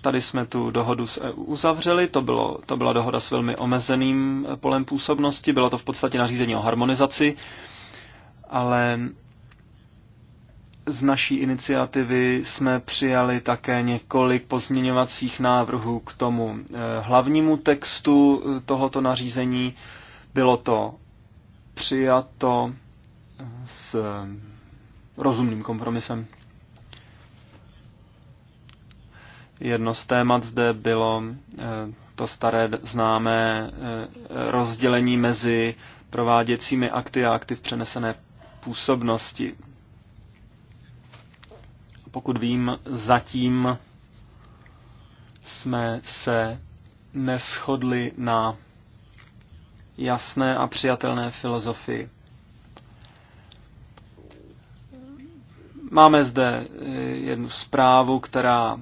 tady jsme tu dohodu s EU uzavřeli, to, bylo, to byla dohoda s velmi omezeným polem působnosti, bylo to v podstatě nařízení o harmonizaci, ale z naší iniciativy jsme přijali také několik pozměňovacích návrhů k tomu hlavnímu textu tohoto nařízení, bylo to přijato s rozumným kompromisem. Jedno z témat zde bylo eh, to staré známé eh, rozdělení mezi prováděcími akty a akty v přenesené působnosti. Pokud vím, zatím jsme se neschodli na jasné a přijatelné filozofii. Máme zde eh, jednu zprávu, která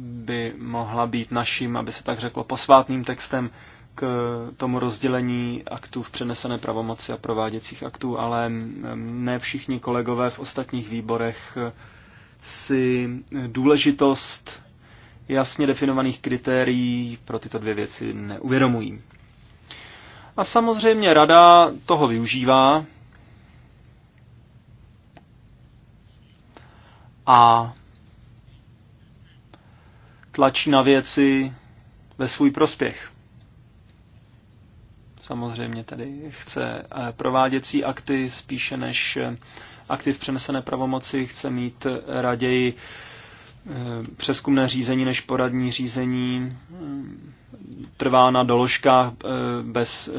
by mohla být naším, aby se tak řeklo, posvátným textem k tomu rozdělení aktů v přenesené pravomoci a prováděcích aktů, ale mm, ne všichni kolegové v ostatních výborech eh, si eh, důležitost jasně definovaných kritérií pro tyto dvě věci neuvědomují. A samozřejmě rada toho využívá. A tlačí na věci ve svůj prospěch. Samozřejmě tedy chce eh, prováděcí akty spíše než eh, akty v přenesené pravomoci, chce mít eh, raději Eh, přeskumné řízení než poradní řízení, eh, trvá na doložkách eh, bez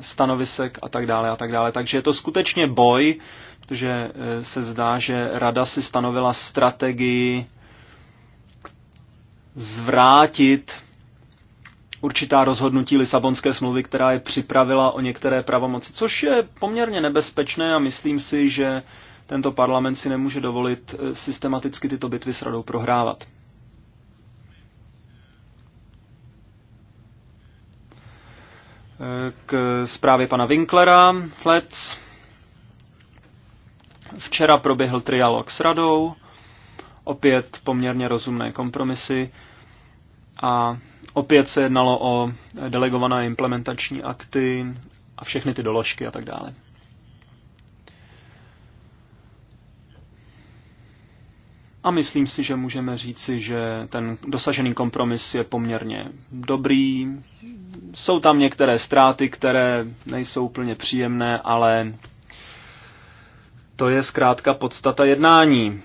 stanovisek a tak dále a tak dále. Takže je to skutečně boj, protože se zdá, že rada si stanovila strategii zvrátit určitá rozhodnutí Lisabonské smlouvy, která je připravila o některé pravomoci, což je poměrně nebezpečné a myslím si, že tento parlament si nemůže dovolit eh, systematicky tyto bitvy s radou prohrávat. Eh, k zprávě pana Winklera, Flec. Včera proběhl trialog s radou, opět poměrně rozumné kompromisy a opět se jednalo o delegované implementační akty a všechny ty doložky a tak dále. A myslím si, že můžeme říci, že ten dosažený kompromis je poměrně dobrý. Jsou tam některé ztráty, které nejsou úplně příjemné, ale to je zkrátka podstata jednání.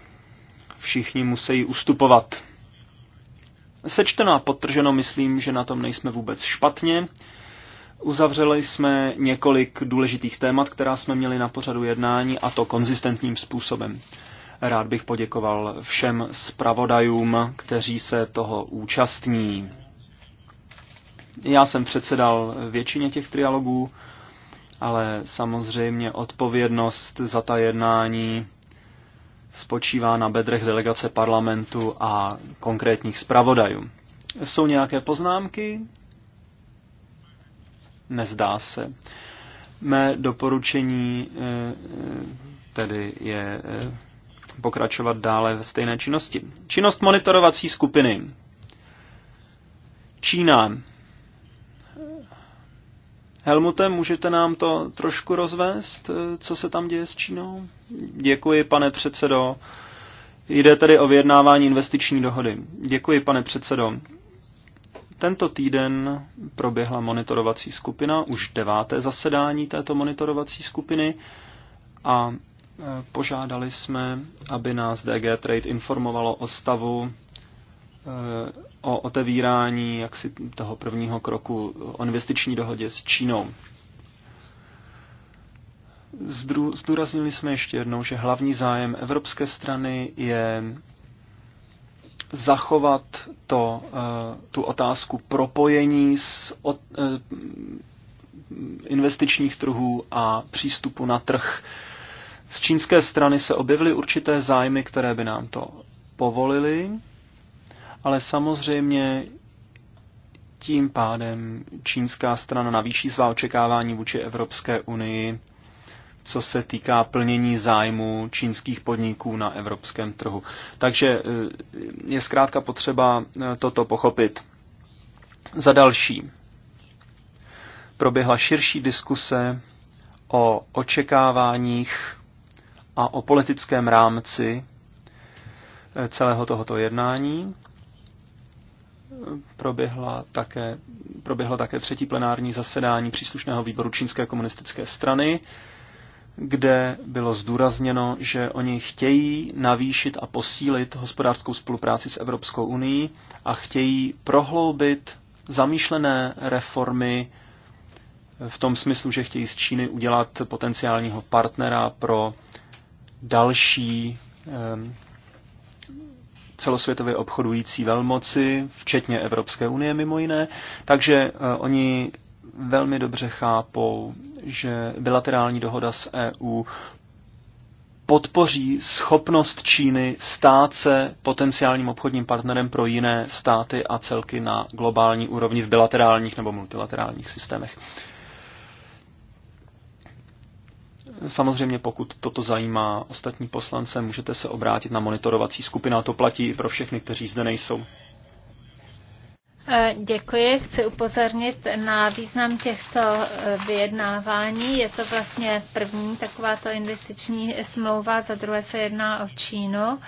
Všichni musí ustupovat. Sečteno a podtrženo myslím, že na tom nejsme vůbec špatně. Uzavřeli jsme několik důležitých témat, která jsme měli na pořadu jednání, a to konzistentním způsobem. Rád bych poděkoval všem zpravodajům, kteří se toho účastní. Já jsem předsedal většině těch trialogů, ale samozřejmě odpovědnost za ta jednání spočívá na bedrech delegace parlamentu a konkrétních zpravodajů. Jsou nějaké poznámky? Nezdá se. Mé doporučení eh, eh, tedy je eh, pokračovat dále ve stejné činnosti. Činnost monitorovací skupiny. Čína. Helmute, můžete nám to trošku rozvést, co se tam děje s Čínou? Děkuji, pane předsedo. Jde tedy o vyjednávání investiční dohody. Děkuji, pane předsedo. Tento týden proběhla monitorovací skupina, už deváté zasedání této monitorovací skupiny a Požádali jsme, aby nás DG Trade informovalo o stavu, eh, o otevírání jaksi toho prvního kroku o investiční dohodě s Čínou. Zdůraznili jsme ještě jednou, že hlavní zájem evropské strany je zachovat to, eh, tu otázku propojení s eh, investičních trhů a přístupu na trh z čínské strany se objevily určité zájmy, které by nám to povolily, ale samozřejmě tím pádem čínská strana navýší svá očekávání vůči Evropské unii, co se týká plnění zájmu čínských podniků na evropském trhu. Takže eh, je zkrátka potřeba eh, toto pochopit. Za další proběhla širší diskuse o očekáváních a o politickém rámci eh, celého tohoto jednání. Proběhla také, proběhlo také třetí plenární zasedání příslušného výboru Čínské komunistické strany, kde bylo zdůrazněno, že oni chtějí navýšit a posílit hospodářskou spolupráci s Evropskou unii a chtějí prohloubit zamýšlené reformy v tom smyslu, že chtějí z Číny udělat potenciálního partnera pro další celosvětově obchodující velmoci, včetně Evropské unie mimo jiné, takže eh, oni velmi dobře chápou, že bilaterální dohoda s EU podpoří schopnost Číny stát se potenciálním obchodním partnerem pro jiné státy a celky na globální úrovni v bilaterálních nebo multilaterálních systémech. Samozřejmě, pokud toto zajímá ostatní poslance, můžete se obrátit na monitorovací skupinu a to platí i pro všechny, kteří zde nejsou. Eh, děkuji. Chci upozornit na význam těchto eh, vyjednávání. Je to vlastně první takováto investiční smlouva, za druhé se jedná o Čínu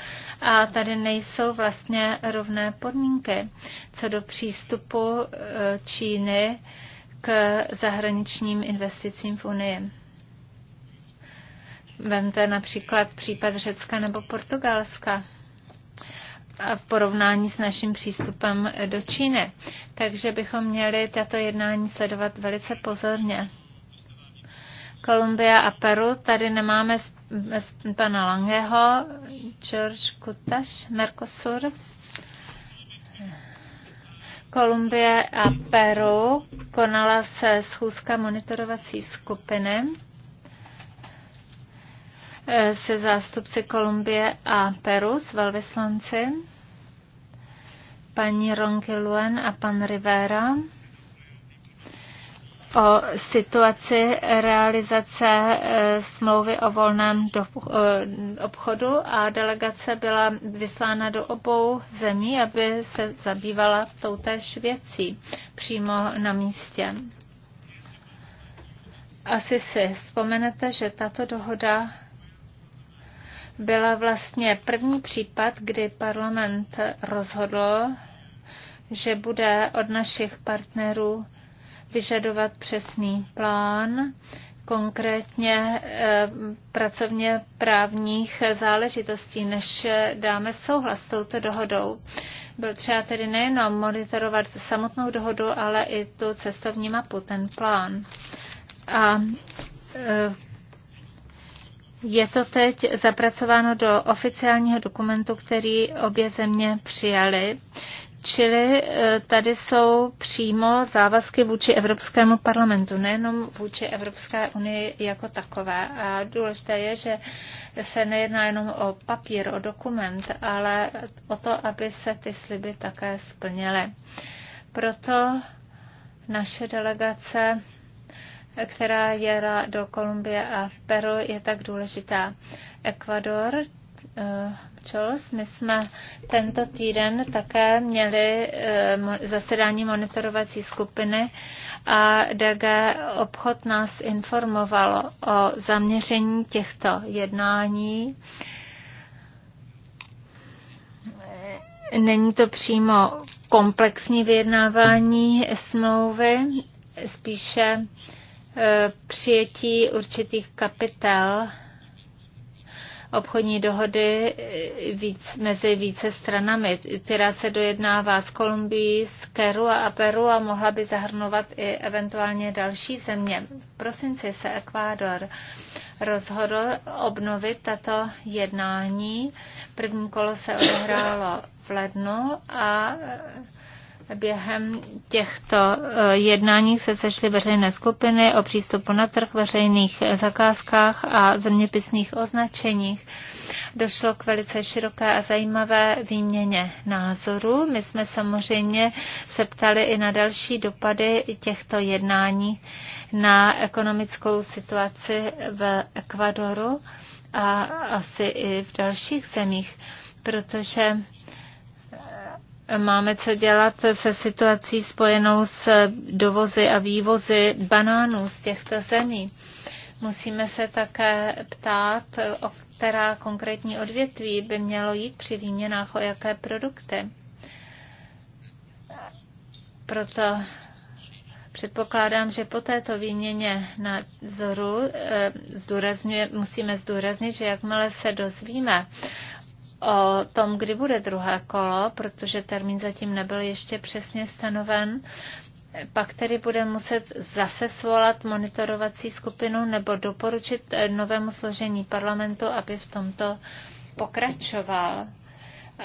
a tady nejsou vlastně rovné podmínky co do přístupu eh, Číny k zahraničním investicím v Unii. Vemte například případ Řecka nebo Portugalska a v porovnání s naším přístupem do Číny. Takže bychom měli tato jednání sledovat velice pozorně. Kolumbia a Peru, tady nemáme z, z pana Langeho, George Kutaš, Mercosur. Kolumbie a Peru konala se schůzka monitorovací skupiny Eh, se zástupci Kolumbie a Peru s velvyslanci, paní Luen a pan Rivera o situaci realizace eh, smlouvy o volném eh, obchodu a delegace byla vyslána do obou zemí, aby se zabývala toutéž věcí přímo na místě. Asi si vzpomenete, že tato dohoda byla vlastně první případ, kdy parlament rozhodl, že bude od našich partnerů vyžadovat přesný plán, konkrétně eh, pracovně právních záležitostí, než dáme souhlas s touto dohodou. Byl třeba tedy nejenom monitorovat samotnou dohodu, ale i tu cestovní mapu, ten plán. A eh, je to teď zapracováno do oficiálního dokumentu, který obě země přijaly. Čili e, tady jsou přímo závazky vůči Evropskému parlamentu, nejenom vůči Evropské unii jako takové. A důležité je, že se nejedná jenom o papír, o dokument, ale o to, aby se ty sliby také splněly. Proto naše delegace která jela do Kolumbie a Peru, je tak důležitá. Ekvador, eh, Čolos, my jsme tento týden také měli eh, zasedání monitorovací skupiny a DG obchod nás informovalo o zaměření těchto jednání. Není to přímo komplexní vyjednávání smlouvy, spíše uh, Eh, přijetí určitých kapitel obchodní dohody eh, víc, mezi více stranami, která se dojednává s Kolumbií, s Keru a Peru a mohla by zahrnovat i eventuálně další země. V prosinci se Ekvádor rozhodl obnovit tato jednání. První kolo se odehrálo v lednu a Během těchto eh, jednání se sešly veřejné skupiny o přístupu na trh, veřejných eh, zakázkách a zeměpisných označeních. Došlo k velice široké a zajímavé výměně názorů. My jsme samozřejmě se ptali i na další dopady těchto jednání na ekonomickou situaci v Ekvadoru a asi i v dalších zemích, protože máme co dělat se situací spojenou s dovozy a vývozy banánů z těchto zemí. Musíme se také ptát, o která konkrétní odvětví by mělo jít při výměnách, o jaké produkty. Proto Předpokládám, že po této výměně názoru eh, zdůrazňuje, musíme zdůraznit, že jakmile se dozvíme o tom, kdy bude druhé kolo, protože termín zatím nebyl ještě přesně stanoven. Pak tedy bude muset zase svolat monitorovací skupinu nebo doporučit eh, novému složení parlamentu, aby v tomto pokračoval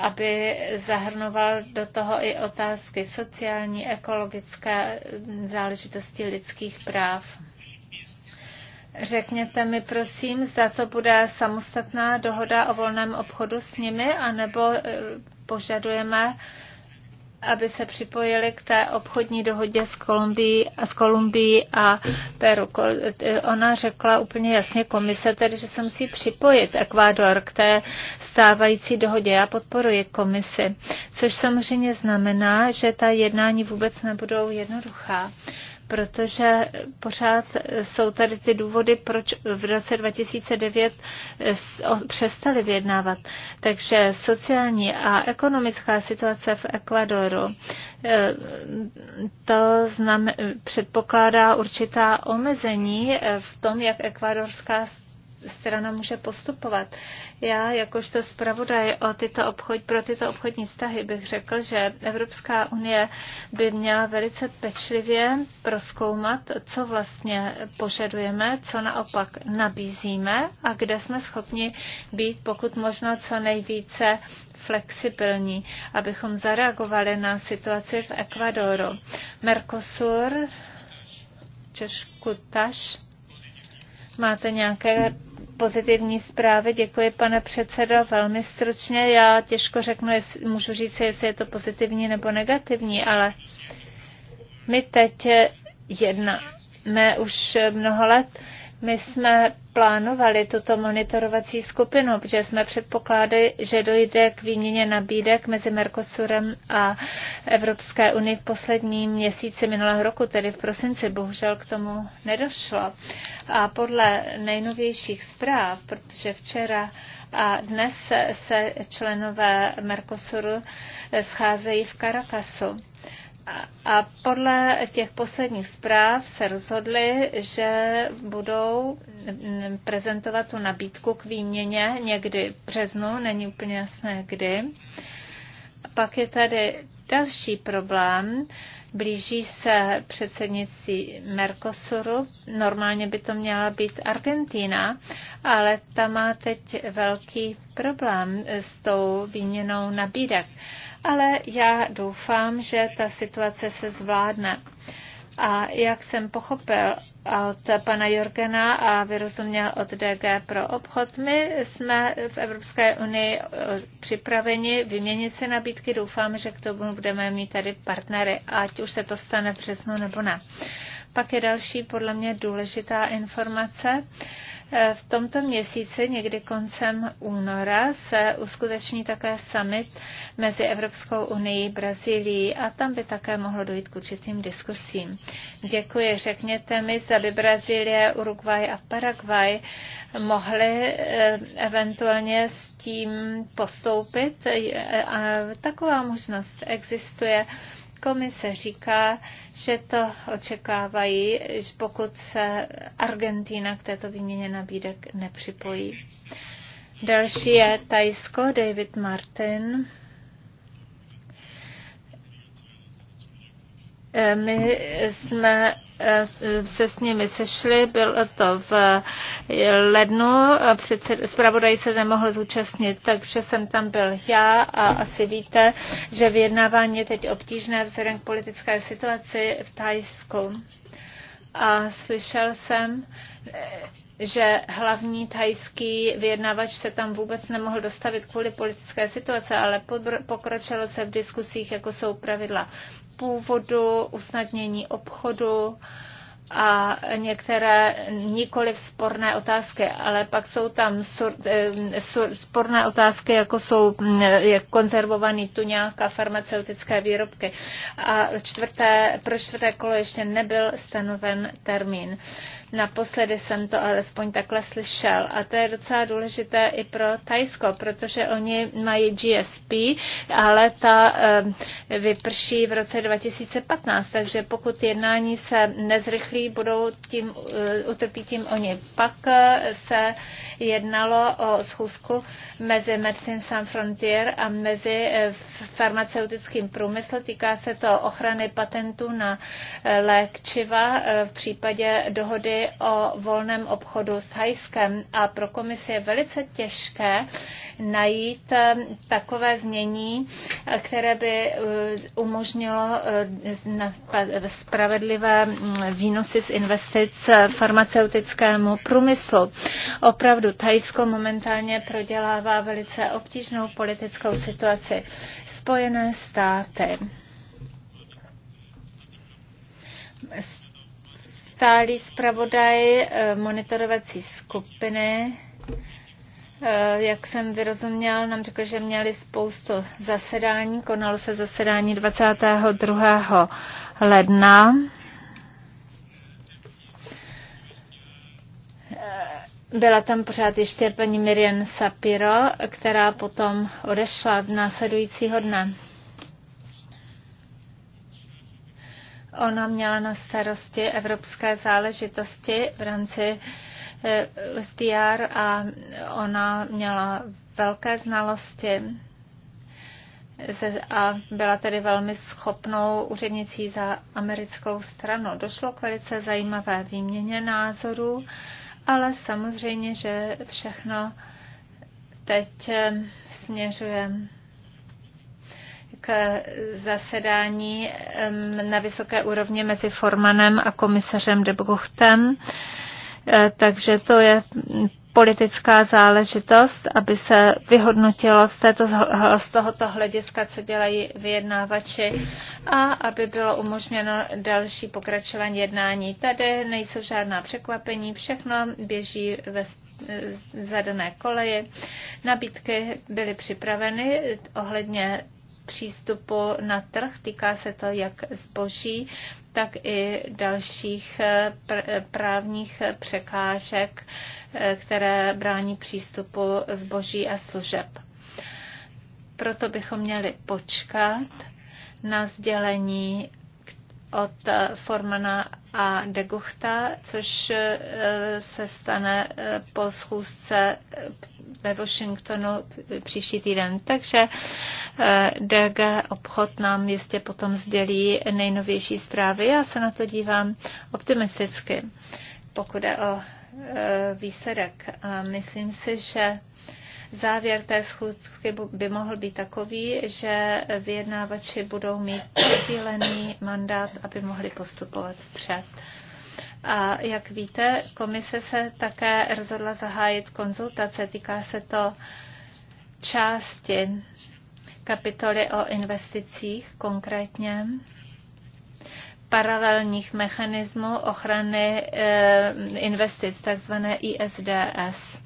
aby zahrnoval do toho i otázky sociální, ekologické mm, záležitosti lidských práv. Řekněte mi prosím, zda to bude samostatná dohoda o volném obchodu s nimi, anebo e, požadujeme, aby se připojili k té obchodní dohodě s Kolumbií a, s Kolumbií a Peru. E, ona řekla úplně jasně komise, tedy, že se musí připojit Ekvádor k té stávající dohodě. Já podporuji komisi, což samozřejmě znamená, že ta jednání vůbec nebudou jednoduchá protože pořád jsou tady ty důvody, proč v roce 2009 přestali vyjednávat. Takže sociální a ekonomická situace v Ekvadoru, eh, to znamen, předpokládá určitá omezení eh, v tom, jak ekvadorská strana může postupovat. Já jakožto zpravodaj o tyto obchod, pro tyto obchodní vztahy bych řekl, že Evropská unie by měla velice pečlivě proskoumat, co vlastně požadujeme, co naopak nabízíme a kde jsme schopni být pokud možno co nejvíce flexibilní, abychom zareagovali na situaci v Ekvadoru. Mercosur, Češku Taš, máte nějaké pozitivní zprávy. Děkuji, pane předsedo, velmi stručně. Já těžko řeknu, jestli, můžu říct, jestli je to pozitivní nebo negativní, ale my teď jedna, Mé už mnoho let my jsme plánovali tuto monitorovací skupinu, protože jsme předpokládali, že dojde k výměně nabídek mezi Mercosurem a Evropské unii v posledním měsíci minulého roku, tedy v prosinci. Bohužel k tomu nedošlo. A podle nejnovějších zpráv, protože včera a dnes se členové Mercosuru scházejí v Caracasu. A podle těch posledních zpráv se rozhodli, že budou prezentovat tu nabídku k výměně někdy v březnu, není úplně jasné kdy. Pak je tady další problém. Blíží se předsednicí Mercosuru. Normálně by to měla být Argentina, ale ta má teď velký problém s tou výměnou nabídek ale já doufám, že ta situace se zvládne. A jak jsem pochopil od pana Jorgena a vyrozuměl od DG pro obchod, my jsme v Evropské unii eh, připraveni vyměnit si nabídky. Doufám, že k tomu budeme mít tady partnery, ať už se to stane v březnu nebo ne. Pak je další podle mě důležitá informace. Eh, v tomto měsíci, někdy koncem února, se uskuteční také summit mezi Evropskou unii a Brazílií a tam by také mohlo dojít k určitým diskusím. Děkuji. Řekněte mi, zda by Brazílie, Uruguay a Paraguay mohly eh, eventuálně s tím postoupit. Eh, a taková možnost existuje Komise říká, že to očekávají, pokud se Argentina k této výměně nabídek nepřipojí. Další je Tajsko, David Martin. Eh, my jsme eh, se s nimi sešli, bylo to v eh, lednu, předsed, zpravodaj se nemohl zúčastnit, takže jsem tam byl já a asi víte, že vyjednávání je teď obtížné vzhledem k politické situaci v Thajsku. A slyšel jsem, že hlavní thajský vyjednavač se tam vůbec nemohl dostavit kvůli politické situace, ale pokročilo se v diskusích, jako jsou pravidla původu, usnadnění obchodu a některé nikoli sporné otázky, ale pak jsou tam sur, eh, sur, sporné otázky, jako jsou mm, jak konzervovaný tuňák a farmaceutické výrobky. A čtvrté, pro čtvrté kolo ještě nebyl stanoven termín. Uh, Naposledy jsem to alespoň takhle slyšel. A to je docela důležité i pro Tajsko, protože oni mají GSP, ale ta vyprší v roce 2015, takže pokud jednání se nezrychlí, budou tím, e, utrpí tím oni. Pak e, se jednalo o schůzku mezi Medicine Sans Frontier a mezi eh, farmaceutickým průmyslem. Týká se to ochrany patentů na eh, léčiva eh, v případě dohody o volném obchodu s Hajskem. A pro komisi je velice těžké najít eh, takové znění, které by eh, umožnilo eh, spravedlivé mm, výnosy z investic farmaceutickému průmyslu. Opravdu Tajsko momentálně prodělává velice obtížnou politickou situaci. Spojené státy stálý zpravodaj monitorovací skupiny Eh, jak jsem vyrozuměl, nám řekl, že měli spoustu zasedání. Konalo se zasedání 22. ledna. Eh, byla tam pořád ještě paní Miriam Sapiro, která potom odešla v následujícího dne. Ona měla na starosti evropské záležitosti v rámci uh, SDR a ona měla velké znalosti a byla tedy velmi schopnou úřednicí za americkou stranu. Došlo k velice zajímavé výměně názorů, ale samozřejmě, že všechno teď eh, směřuje k zasedání na vysoké úrovni mezi Formanem a komisařem de Eh, takže to je politická záležitost, aby se vyhodnotilo z, této, z tohoto hlediska, co dělají vyjednávači a aby bylo umožněno další pokračování jednání. Tady nejsou žádná překvapení, všechno běží ve eh, zadané koleji. Nabídky byly připraveny ohledně přístupu na trh, týká se to jak zboží, tak i dalších eh, eh, právních překážek, eh, které brání přístupu zboží a služeb. Proto bychom měli počkat na sdělení od Formana a Deguchta, což eh, se stane eh, po schůzce eh, ve Washingtonu příští týden. Takže DG obchod nám jistě potom sdělí nejnovější zprávy. Já se na to dívám optimisticky, pokud je o výsledek. A myslím si, že Závěr té schůzky by mohl být takový, že vyjednávači budou mít cílený mandát, aby mohli postupovat vpřed. A jak víte, komise se také rozhodla zahájit konzultace. Týká se to části kapitoly o investicích konkrétně paralelních mechanismů ochrany eh, investic, takzvané ISDS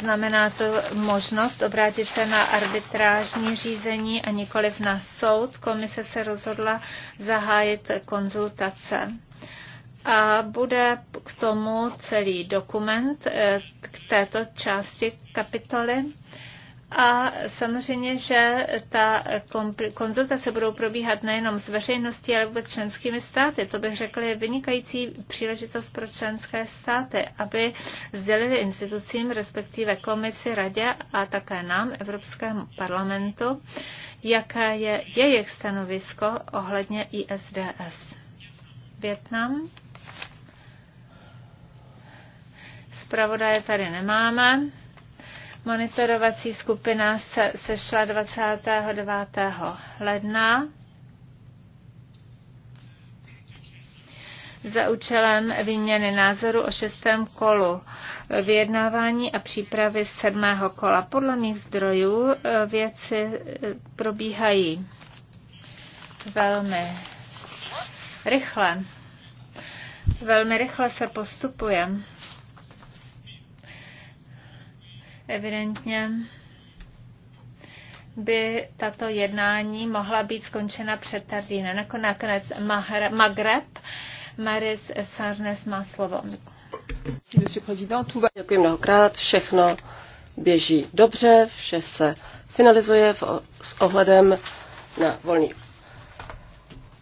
znamená to možnost obrátit se na arbitrážní řízení a nikoliv na soud. Komise se rozhodla zahájit konzultace. A bude k tomu celý dokument eh, k této části kapitoly a samozřejmě, že ta konzultace budou probíhat nejenom s veřejností, ale vůbec členskými státy. To bych řekla je vynikající příležitost pro členské státy, aby sdělili institucím, respektive komisi, radě a také nám, Evropskému parlamentu, jaké je jejich stanovisko ohledně ISDS. Větnam. Zpravodaje tady nemáme. Monitorovací skupina se sešla 29. ledna za účelem výměny názoru o šestém kolu vyjednávání a přípravy sedmého kola. Podle mých zdrojů eh, věci eh, probíhají velmi rychle. Velmi rychle se postupujeme. Evidentně by tato jednání mohla být skončena před Tardínem. Jako nakonec Magreb, Maris Sarnes má slovo. Děkuji mnohokrát, všechno běží dobře, vše se finalizuje v, s ohledem na volný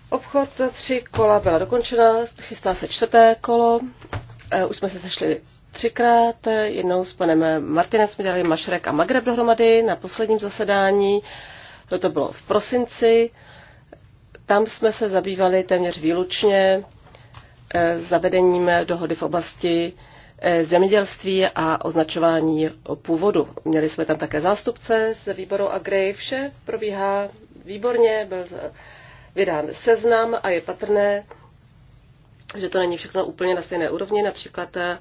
obchod. Tři kola byla dokončena, chystá se čtvrté kolo. Eh, už jsme se sešli třikrát, jednou s panem Martinem jsme dělali Mašrek a Magreb dohromady na posledním zasedání, to bylo v prosinci, tam jsme se zabývali téměř výlučně eh, zavedením dohody v oblasti eh, zemědělství a označování původu. Měli jsme tam také zástupce z výboru Agri. Vše probíhá výborně, byl vydán seznam a je patrné, že to není všechno úplně na stejné úrovni. Například eh,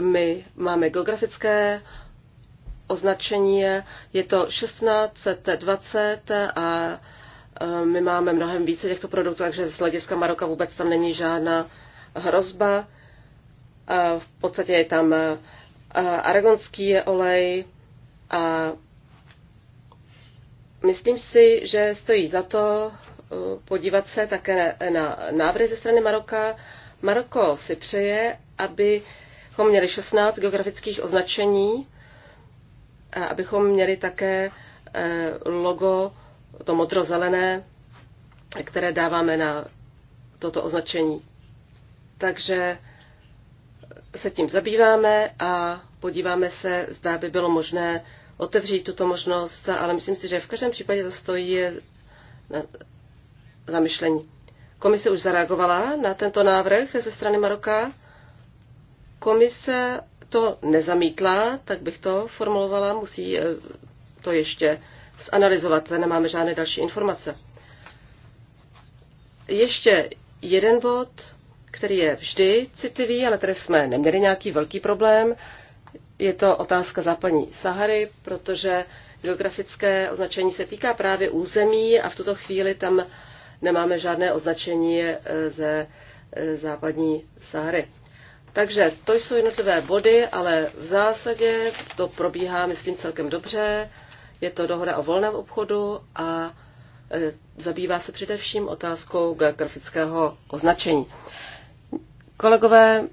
my máme geografické označení, je to 1620 a e, my máme mnohem více těchto produktů, takže z hlediska Maroka vůbec tam není žádná hrozba. A e, v podstatě je tam e, aragonský olej a myslím si, že stojí za to podívat se také na návrhy ze strany Maroka. Maroko si přeje, aby abychom měli 16 geografických označení, abychom měli také e, logo, to modrozelené, které dáváme na toto označení. Takže se tím zabýváme a podíváme se, zda by bylo možné otevřít tuto možnost, ale myslím si, že v každém případě to stojí na zamyšlení. Komise už zareagovala na tento návrh ze strany Maroka Komise to nezamítla, tak bych to formulovala, musí eh, to ještě zanalizovat, nemáme žádné další informace. Ještě jeden bod, který je vždy citlivý, ale tady jsme neměli nějaký velký problém. Je to otázka západní Sahary, protože geografické označení se týká právě území a v tuto chvíli tam nemáme žádné označení eh, ze eh, západní Sahary. Takže to jsou jednotlivé body, ale v zásadě to probíhá, myslím, celkem dobře. Je to dohoda o volném obchodu a e, zabývá se především otázkou geografického označení. Kolegové,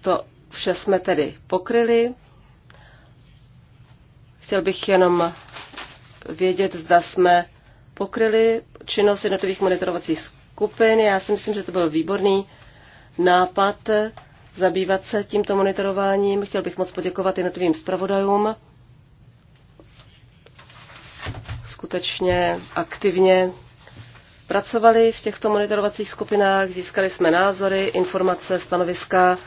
to vše jsme tedy pokryli. Chtěl bych jenom vědět, zda jsme pokryli činnost jednotlivých monitorovacích skupin. Já si myslím, že to byl výborný nápad zabývat se tímto monitorováním. Chtěl bych moc poděkovat jednotlivým zpravodajům. Skutečně aktivně pracovali v těchto monitorovacích skupinách, získali jsme názory, informace, stanoviska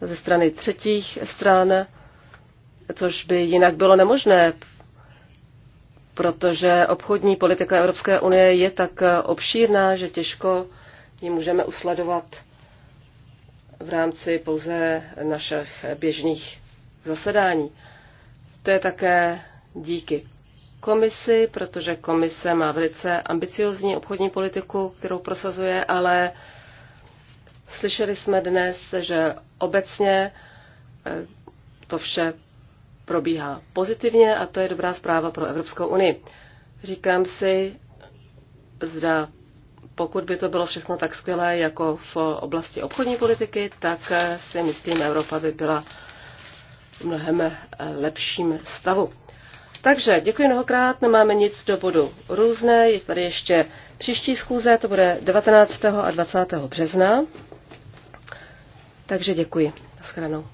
ze strany třetích stran, což by jinak bylo nemožné protože obchodní politika Evropské unie je tak obšírná, že těžko ji můžeme usledovat v rámci pouze našich běžných zasedání. To je také díky komisi, protože komise má velice ambiciozní obchodní politiku, kterou prosazuje, ale slyšeli jsme dnes, že obecně eh, to vše probíhá pozitivně a to je dobrá zpráva pro Evropskou unii. Říkám si, zda pokud by to bylo všechno tak skvělé jako v oblasti obchodní politiky, tak si myslím, Evropa by byla v mnohem lepším stavu. Takže děkuji mnohokrát, nemáme nic do bodu různé, je tady ještě příští schůze, to bude 19. a 20. března. Takže děkuji. Naschledanou.